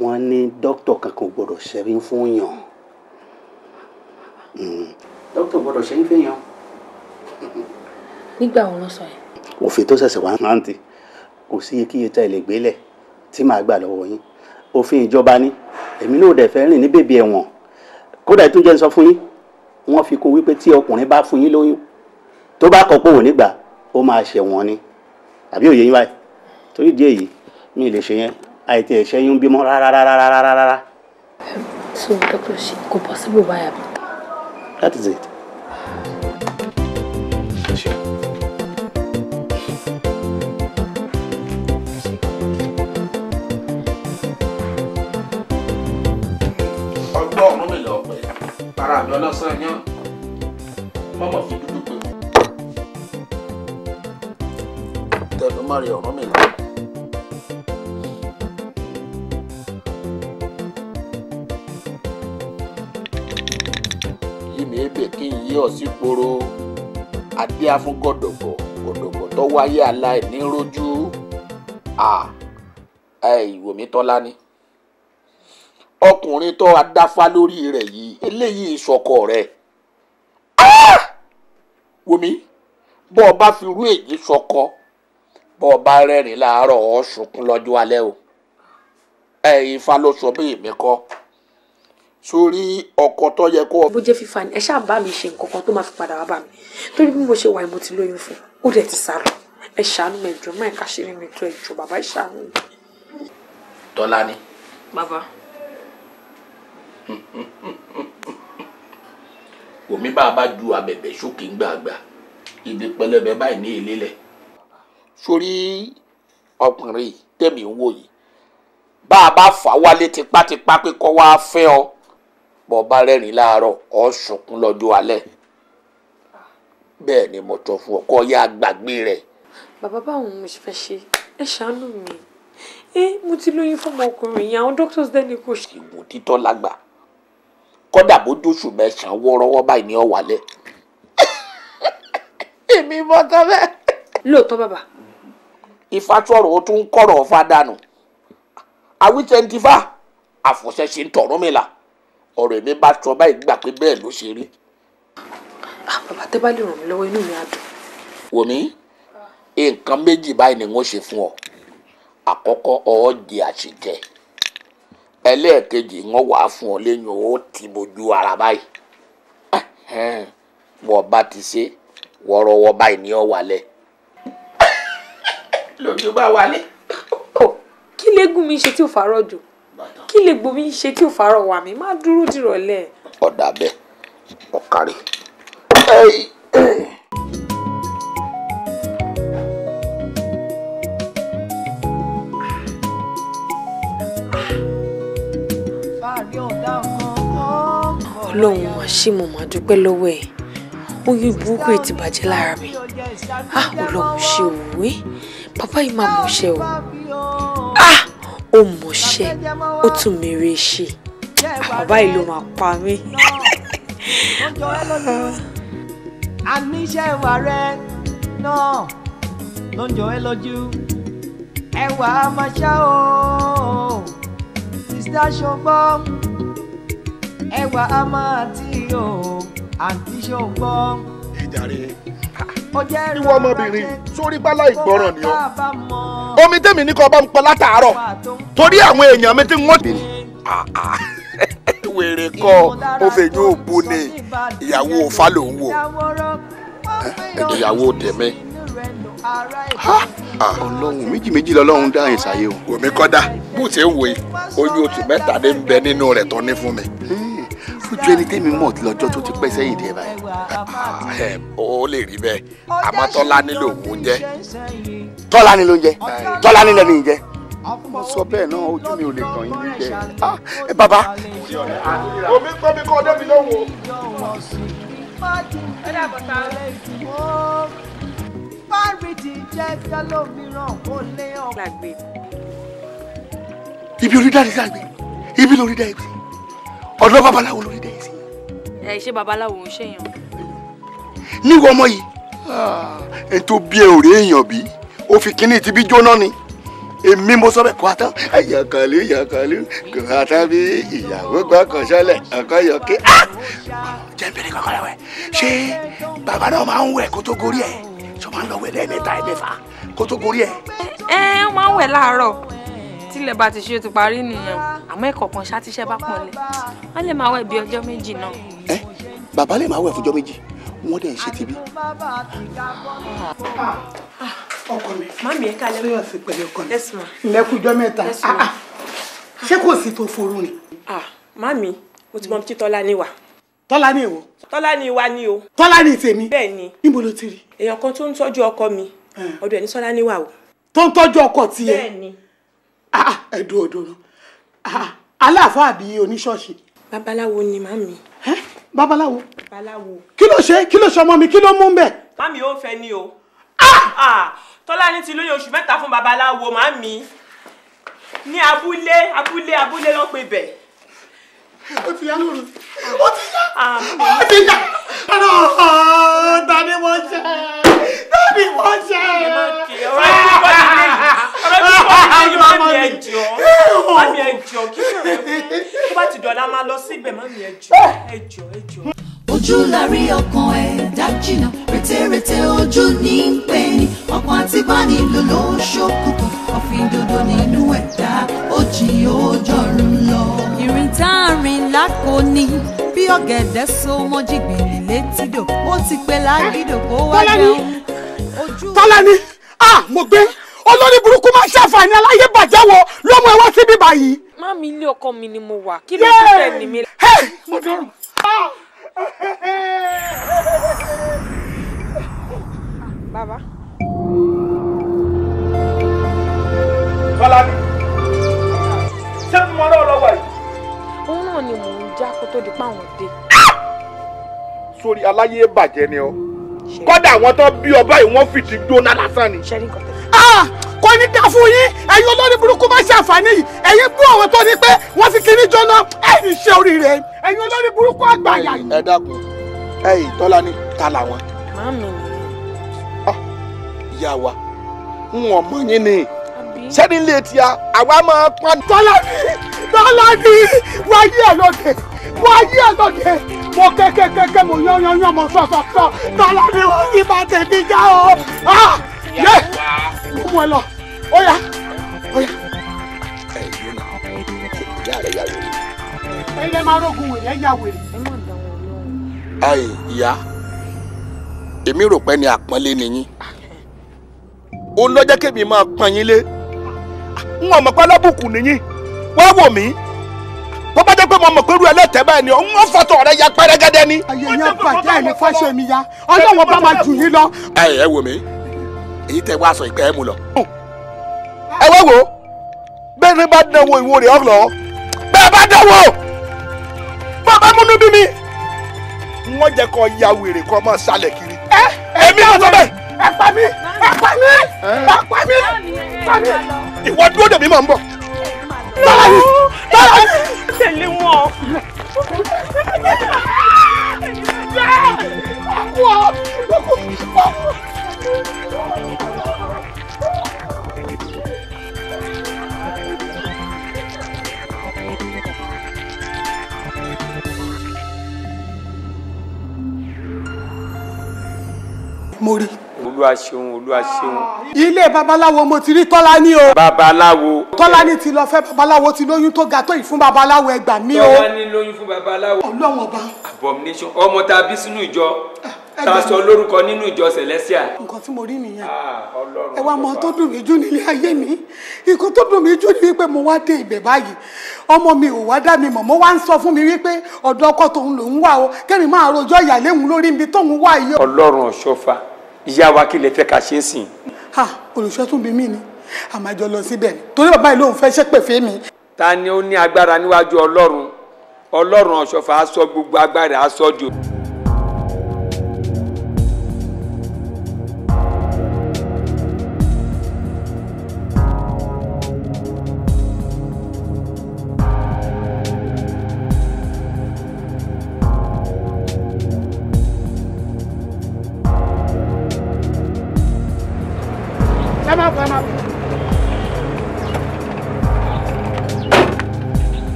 wọ́n ní dókítà kankan ò gbọ́dọ̀ ṣẹ́rí fún yàn dókítà gbọ́dọ̀ ṣẹ́yìn fẹ́yàn. nígbà wo ló sọ yẹn. òfin tó ṣẹ̀ṣẹ̀ wá máa ń ti kò sí iyekíye tá ẹ lè gbélẹ̀ tí màá gbà lọ́wọ́ yín òfin ìjọba ni èmi náà dẹ̀ fẹ́ rìn ní bèbè ẹ̀wọ̀n kódà tó jẹ́ ń sọ fún yín wọ́n fi kún wípé tí ọkùnrin bá fún yín lóyún tó bá kọ̀ pé òun nígbà ó máa ṣẹ̀wọ̀n ni àbí òye yín báyìí torí díẹ̀ yìí mi ì lè ṣe yẹn àìtí ẹ̀ṣẹ́ yín ń bímọ rárá rárá rárá rárá. so dr ṣe kò possible báyà bí. That is it. ọgbọ́n ọ̀run mi lọ pẹ́ ara mi ọlọ́sàn yán mọ́mọ́ fi dúdú pé ọ sí poro adé afún gọdọgbọ gọdọgbọ tó wáyé aláìní rojú à ìwòmí tọ́lá ni ọkùnrin tó adáfá lórí rẹ̀ yìí eléyìí ìṣọkọ rẹ̀ wòmí bọ́ ọ bá fi rú èyí ṣọkọ bọ́ ọ bá rẹ́rìn-ín láàárọ̀ ọ̀ ṣùkún lọ́jọ́ o ẹ̀ Ifá ló sọ bí èmi kọ́ sórí ọkọ tó yẹ kó. bó jẹ́ fífa ni ẹ ṣáà bá mi ṣe nǹkan kan tó máa fi padà wá bá mi torí bí mo ṣe wà mo ti lóyún fún ó dẹ̀ ti sá lọ ẹ ṣàánú mi ẹjọ máa ká ṣeré mi tó ẹjọ bàbá ìṣàánú mi. Tọ́lání. bàbá. omi bá a bá ju abẹ̀bẹ̀ sókè gbàgbà ibi pẹlẹbẹ báyìí ní ilé lẹ̀. sórí ọkùnrin tẹ̀mí ń wò yìí bá a bá fà wálé tipátipá pé kó wá fẹ́ ọ bọ́ bá rẹ́rìn láàárọ̀ ọ́ sunkún lọ́jọ́ alẹ́ bẹ́ẹ̀ ni mo tọ́ fún ọ kọ́ yá gbàgbé rẹ̀. bàbá báwọn mo ṣe fẹ́ ṣe ẹ ṣàánú mi ẹ mo ti lóyún fún ọmọkùnrin yẹn àwọn doctors dẹ́ni kò ṣe. ìwò títọ́ lágbà kọ́dà bó dóṣù mẹ́sàn-án wọ́ọ́rọ́wọ́ báyìí ní ọ̀wálẹ̀. èmi mọ tán bẹ́ẹ̀. lóòótọ́ bàbá. ìfàtúọ̀rọ̀ ó tún ń kọ̀rọ̀ ọ̀fà dànù àwítẹ́ntífà àfọ̀ṣẹ́ṣe ń tọ̀rọ̀ mi là ọ̀rọ̀ èmi bá sọ báyìí gbà pé bẹ́ẹ̀ ló ṣe rí. Ah, bàbá tẹ́ bá lè ràn mí lọ́wọ́ inú mi á dùn. wò mí nǹkan méjì báyìí ni wọ́n ṣe fún ọ àkọ́kọ́ ọ̀ọ́ di àṣejẹ ẹlẹ́ẹ̀kejì wọ́n wà fún ọ lẹ́yìn ó ti bójú ara báyìí wọ́n bá ti ṣe wọ́ọ́rọ́wọ́ báyìí ni ọ wálẹ̀. lójú bá wálé. kí lẹ́gùn mi ṣe tí ò fàárọ̀ jù kí lè gbomi ṣe kí òfarọ wà mí má dúró dìrọ̀lẹ́. ọ̀dà bẹ́ẹ̀ ọ̀kárí. ọlọ́run àṣì mo máa dúpẹ́ lọ́wọ́ ẹ̀ oyún burúkú yìí ti lára mi ah ọlọ́run ṣe òwe bàbá yìí máa mọ̀ ṣe o ó mọ̀ṣẹ́ ó tún mèrè ṣe àbá ìlú máa pa mí. àníṣe ìwà rẹ náà ló ń jọ ẹ lójú ẹwà àmàṣà o sista ṣọgbọ́ ẹwà àmà àti o àǹtí ṣọgbọ́ ìwọ ọmọbìnrin sórí bálá ìgbọràn ni ọ omi tèmi ní kò bá ń pọ látàárọ̀ torí àwọn èèyàn mi ti ń wọ́n dé wèrè kọ ó fẹ́ yóò bú ni ìyàwó Ifá ló ń wò ìyàwó tèmi ọlọ́run méjì méjì lọ́lọ́run dá ìsàyè o. òmí kọ́ da bó ti wòye oyún oṣù mẹ́ta ní bẹ nínú rẹ̀ tọ́ ní fún mi. Hmm tó ju ẹni tẹ́mi mọ̀ lọ́jọ́ tó ti pẹ́ sẹ́yìn díẹ̀ báyìí. ó ah, eh, lè rí bẹ́ẹ̀ àmọ́ tọ́lá nílò oúnjẹ. tọ́lá nílò oúnjẹ tọ́lá nílò ẹni ìjẹ. mo sọ bẹ́ẹ̀ náà ojú mi ò lè kàn yín jẹ. Ah, ẹ bàbá. omi kọ́ mi kọ́ débi lóhùn ibi orí dáadé dáadé ibi lórí dáadé ọ̀dọ́ babaláwo lórí ẹ ṣe babaláwo ń ṣèyàn. níwọ ọmọ yìí ẹni tó bí ẹ ò rí èèyàn bí ó fi kínní ti bí jóná ni èmi mo sọ bẹ́ẹ̀ kó atán ayọkànlé yọkànlé kò atán bí ìyàwó gbọkàn sọlẹ ọkọ yọkẹ jẹ nbẹrẹ kankan lẹwẹ ṣé bàbá náà máa ń wẹ̀ kó tó gorí ẹ ṣọ máa ń lọ wẹ̀ lẹ́ẹ̀mẹ́ta ẹ̀mẹ́fà kó tó gorí ẹ. ẹ ẹ máa ń wẹ̀ láàárọ̀ tílẹ̀ bá ti ṣe ti parí nìyẹn àmọ́ ẹ̀kọ́ kan ṣá tíṣẹ́ bá pọ̀nlẹ̀ wọ́n lè máa wẹ̀ bí ọjọ́ méjì náà. ẹ bàbá lè máa wẹ̀ fúnjọ́ méjì wọ́n dẹ̀ ń ṣe tibí. ọkọ mi mami ẹ kálẹ̀ lóyún ọ̀sẹ̀ pẹ̀lú ọkọ mi ilẹ̀kùjọ́ mẹ́ta ah, ah. ṣé kò sí tó forú ni. Ah, mami mo ti mọ tí tọ́lá ní wà. tọ́lá ní ìwọ. tọ́lá ní ìwà ni o. tọ́lá ní tèmi. bẹ́ẹ̀ ni. níbo ló ti rí. èèyàn kan tó ń tọ́jú ọkọ mi eh. ọ̀dọ̀ ẹ̀ ní sọ́lá níwà o. tó ń tọ́jú ọkọ tiẹ̀. bẹ́ẹ̀ ni ẹ̀dùn ọ̀dọ̀ náà aláàfáà bíi oníṣọ́ọ̀ṣì. babaláwo ni màmí. babaláwo. babaláwo. kí ló ṣe kí ló ṣe ọmọ mi kí ló mú bẹ́ẹ̀. màmí ó fẹ́ ni o ah! ah, tọ́lá ní ti lóyún oṣù mẹ́ta fún babaláwo màmí ní abúlé abúlé abúlé ló pe bẹ̀. ó ti yá lóru ah. ó ti yá ó ti yá ọ̀nà ọ̀ọ́ tani mo ṣe tani mo ṣe mami ẹjọ mami ẹjọ kí ló rẹ fún tó bá ti dọ̀la máa lọ síbẹ̀ mami ẹjọ ẹjọ ẹjọ. ojú la rí ọkàn ẹ̀dá jìnnà rètérètè ojú ní í pè ní ọkàn àti báni lò ló ń ṣokùnkùn ọ̀fìn dodo nínú ẹ̀dá ojì ojọ́rùn lọ. ìrìn tá a rìn lákò ní bí ọ̀gẹ̀dẹ̀ so mọ́jì gbìyànjú létídò ó ti pé lágídò kó wá jẹun. tọ́lá ni tọ́lá ni ah mo gbé olórí àǹfààní aláyé bàjẹ́ wo ló mú ẹ síbí báyìí. má mi ilé ọkọ mi ni mo wà kí ló tún fẹ́ ni mi. bàbá. Fọlábí ṣé mo náà lọ wà yìí. òun náà ni mò ń já kó tó di páwọn dé. sórí aláyé bàjẹ́ ni ọ kódà àwọn tó bí ọba yìí wọ́n fìtì gbóná lásán ni. ṣẹ́rí nǹkan ní dá fún yín ẹ̀yin olórí burúkú má ṣe àǹfààní yìí ẹ̀yin bú àwọn tó ní pé wọ́n ti kiri jọ́nà ẹ̀ ṣe oríire ẹ̀yin olórí burúkú àgbàyà yìí. ẹ dákun ẹ tọ́lá ní ta làwọn. màmí ni. Ah, ìyá wa n ò mọ yín ni sẹ́ni lè ti a àwa máa pa. tọ́lá ní tọ́lá ní wáyé ẹ̀ lóde wáyé ẹ̀ lóde mo kékékéké mo yán yán yán mo sọ̀sọ̀sọ̀ tọ́lá ní wọ́n ní bá tèmi já o. Ah, yẹ mo ẹ lọ ó yá hey, you know, yóò nà Hey, rẹ ya wèrè. ẹyin lẹ máa rógun wèrè ẹ ya wèrè. ayi ìyá èmi rò pé ni àpọ́nlé ni yín ó lọ́jọ́ kébì máa pọ́n yín lé n ò mọ̀ pé ni yín wá wò mí bó bá jẹ́ pé mo mọ̀ pé irú ẹlẹ́tẹ̀ báyìí ni òun ń fọ́tò rẹ̀ ya pẹ́rẹ́gẹ́dẹ́ ni. ayé yẹn bàjẹ́ ẹ̀ ní fáṣẹ́ mi ya ọlọ́wọ́n bá máa jù yín lọ. ẹ ẹ wò mí èyí tẹ wá sọ ìpẹ́ ẹ mú lọ ẹ wá wò ó bẹ́ẹ̀ ni bá dánwò ìwọ rẹ̀ ọ̀lọ́ bẹ́ẹ̀ bá dánwò bàbá múnú bí mi wọ́n jẹ́ kó ya wèrè kó máa sálẹ̀ kiri èmi ò sọ bẹ́ẹ̀ ẹ pa mí ẹ pa mí ẹ pa mí pa mí ìwọ dúró dèmí mọ̀ ń bọ̀ bára mi bára mi. tẹ̀lé wọn. wọ́n wọ́n. mo rí. olúwa ṣeun olúwa ṣeun. ilé babaláwo mo ti rí tọ́lá ní o. babaláwo. tọ́lá ní ti lọ fẹ́ babaláwo ti lóyún tó ga tó yìí fún babaláwo ẹ gbà o. tọ́lá ní lóyún fún babaláwo. ọlọ́run ọba. abomination ọmọ tá a bí sínú ìjọ ah, ta sọ lórúkọ nínú ìjọ celestial. nǹkan tí mo rí nìyẹn ah, ẹ wá mọ tó dùn mí jù nílé ayé mi ikú tó dùn mí jù ni wípé mo wá dé ibẹ̀ báyìí ọmọ mi ò wá dá mi mọ̀ mo wá ń sọ fún mi wípé ọ̀dọ̀ ọkọ tòun lòún wà o kẹ́mi máa rojọ́ ìyàlẹ́hùn lórí ibi tóun wà yìí. ọlọ́run ọ̀ṣọ́fà ìyá wa kí lè fẹ́ ká ṣe é sìn. ha olùṣọ́ tún bí mí ni àmọ́ àjọ lọ síbẹ̀ torí bàbá yìí lòun fẹ́ ṣépè fẹ́ mi. ta ni ó ní agbára níwájú ọlọ́run ọlọ́run ọ̀ṣọ́fà á sọ gbogbo agbára á sọ jò.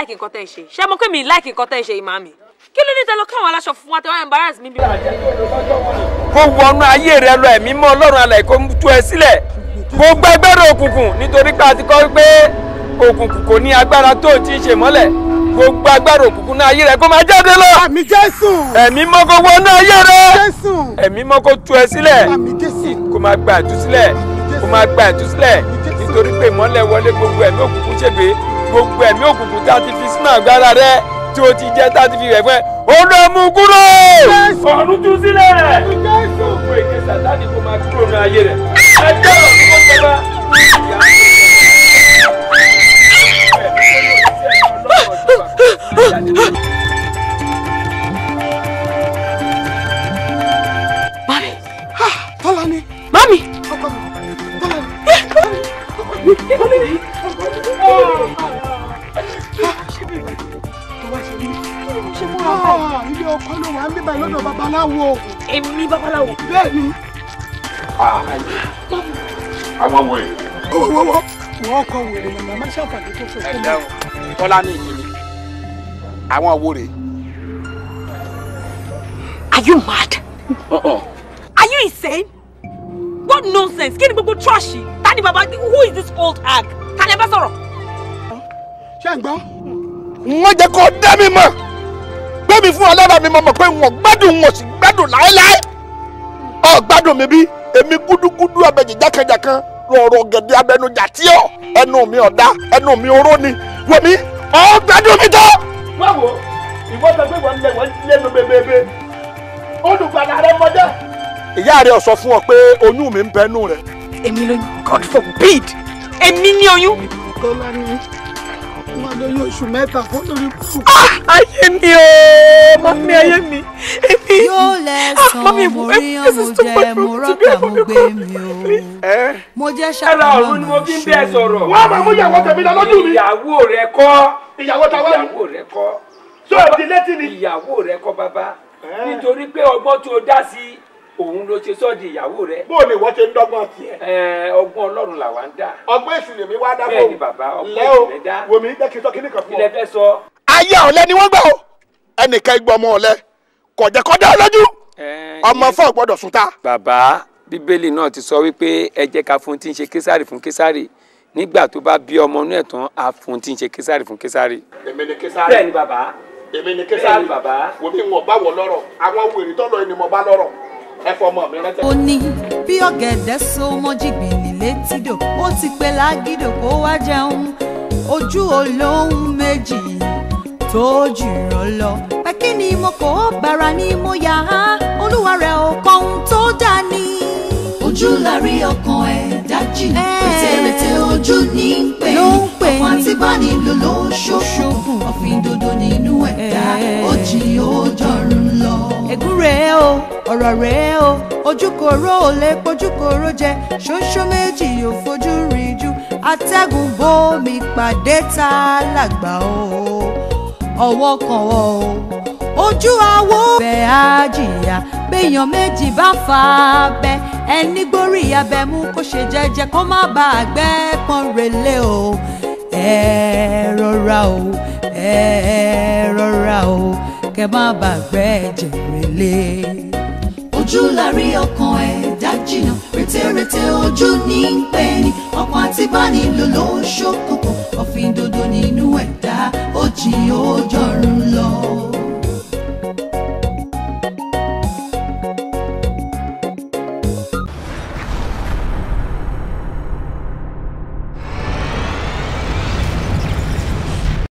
láìkì nǹkan tẹ́ ń ṣe ṣé mo pé mi láìkì nǹkan tẹ́ ń ṣe ìmá mi kí ló ní tẹ lọ kí àwọn aláṣọ fún wa tẹ wá embarrass mi bí. kó wọnú ayé rẹ lọ ẹ̀mí mọ́ ọlọ́run alẹ́ kó tú ẹ sílẹ̀ kó gbẹgbẹ́rẹ́ òkùnkùn nítorí pé a ti kọ́ pé òkùnkùn kò ní agbára tó ti ń ṣe mọ́lẹ̀ gbogbo agbára òkùnkùn náà ayé rẹ kó máa jáde lọ. àmì jésù. ẹ̀mí mọ́ kó wọnú ayé rẹ. jésù. ẹ̀mí mọ́ kó tú ẹ sílẹ̀. àmì jésù. kó máa gba ìtúsílẹ̀ kó máa gba ìtúsílẹ̀ nítorí pé ìmọ́lẹ̀ wọlé gbogbo ẹ̀mí òkùnkùn ṣègbè gbogbo ẹ̀mí òkùnkùn tá a ti fi sínú àgbára rẹ tí o ti jẹ́ tá a ti fi rẹ̀ fún ẹ ó kúrò. ọ̀run tú sílẹ̀. gbogbo èké sàtáni máa kúrò ní ayé rẹ̀. ẹ jẹ́ ọ̀run tó jọba. Mami. Tọ́lá ni. Mami. Tọ́lá ni. Tọ́lá ni. ìwọ kọ́ ló wà ń bíbá babaláwo. èmi babaláwo. bẹ́ẹ̀ni. àwọn ah. wo yìí. wọ́wọ́wọ́ wọ́n kọ wèrè màmá má ṣàǹfààní tó ṣe fún mi. kọ́lá ní ìkíni àwọn wo rèé. are you mad? Uh-uh. are you insane? what nonsense kí ni gbogbo trash yìí tani baba who is this old hag tani ẹ bá sọ̀rọ̀. ṣé ẹ gbọ́. wọ́n jẹ́ kó dá mi mọ̀ gbé mi fún ọlọ́rọ̀ mi mo mọ̀ pé wọn gbádùn wọn sì gbádùn láéláé ọ gbádùn mi bí èmi gúdúgúdú abẹjẹ jákèjákan lọ̀rọ̀ gẹ̀dẹ̀ abẹnujà tí ọ ẹnu mi ọ̀dá ẹnu mi oró ni wọmi ọ gbádùn mi tán. báwo ìwọ sọ pé wọn lé wọn lé bebebebe olùgbàlà rẹ mọdẹ. ìyá rẹ sọ fún ọ pé oyún mi ń bẹnu rẹ. èmi lóyún God forbid èmi ní oyún máa lóyún oṣù mẹ́ta kó lórí kù. Ah, ayé mi ooo mọ́mí ayé mi èmi yóò ah, lẹ́sàn-án mo rí ọmọ jẹ mo rọ́kà mo gbé mi o eh? mo jẹ́ ṣáà ọ̀run ni mo fi ń bẹ́ẹ̀ sọ̀rọ̀. wọ́n á máa mú ìyàwó tẹ̀mí lọ lójú mi. ìyàwó rẹ kọ́ ìyàwó tàwa ìyàwó rẹ kọ́. sọ èdè létí ni. ìyàwó rẹ kọ́ bàbá eh? nítorí pé ọgbọ́n tó dá sí i òun ló ṣe sọ́ọ̀dì ìyàwó rẹ. bó o lè wọ́n ṣe ń dọ́gbọ́n tiẹ̀. ẹ ọgbọ́n ọlọ́run là wá ń dà. ọgbọ́n èṣù lèmi wá dá fún. bẹ́ẹ̀ni bàbá ọgbọ́n èṣù lè dá. wòmí jẹ́ kí n sọ kíní kan fún ọ. ilẹ̀ fẹ́ sọ. ayé ọ̀lẹ́ ni wọ́n gbà ó ẹnìkan igbó ọmọ ọ̀lẹ́ kò jẹ́ kó dá ọ lójú ọmọ fọ́ gbọ́dọ̀ sùn ta. bàbá bíbélì náà ti sọ wípé ẹ jẹ́ ká fún tí ń ṣe késàrì fún késàrì nígbà tó bá bí ọmọ inú ẹ̀ tán á fún tí ń ṣe késàrì fún késàrì. èmi ni késàrì bẹ́ẹ̀ ni bàbá èmi ni késàrì bàbá wòmí wọn bá wọ lọ́rọ̀ àwọn wèrè tó lọ ẹni mo bá lọ́rọ̀ ẹ fọmọ mi rántí. ó ní bí ọ̀gẹ̀dẹ̀ so mọ́ jìgbìnì létídò ó ti pé lágídò kó wá jẹun ojú olóhùn méjì tó jù lọ. pé kí ni mo kò bára ni mo yà á olúwa rẹ̀ ò kọ ohun tó dá ni. ojú la rí ọkàn ẹ̀ dájì pétérètè ojú ní í pè ọkàn àti báni lò lóṣooṣù ọ̀fìn dodo nínú ẹ̀dá ó jí ó jọrùn ègún rèé o ọ̀rọ̀ rèé o ojúkòrò ò lè pojúkòrò jẹ ṣoṣo méjì yóò fojú rìn jù atẹ́gùn bómi pàdé ta làgbà o ọwọ́ kan o ojú awo bẹ́ẹ̀ á jìyà béèyàn méjì bá fà á bẹ́ ẹni gbórí abẹ mú kó ṣe jẹ́jẹ́ kó má bà á gbẹ́ pọ́n relé o ẹ rọra o ẹ rọra o kẹ má bà gbẹ́ jẹ̀rẹ̀lẹ̀. ojú la rí ọkàn ẹ̀dá jìnnà rètérètè ojú ní í pè ní ọkàn àti báni lò ló ń ṣókòkò dodo nínú ẹ̀dá ó jìn ó jọ̀rùn lọ.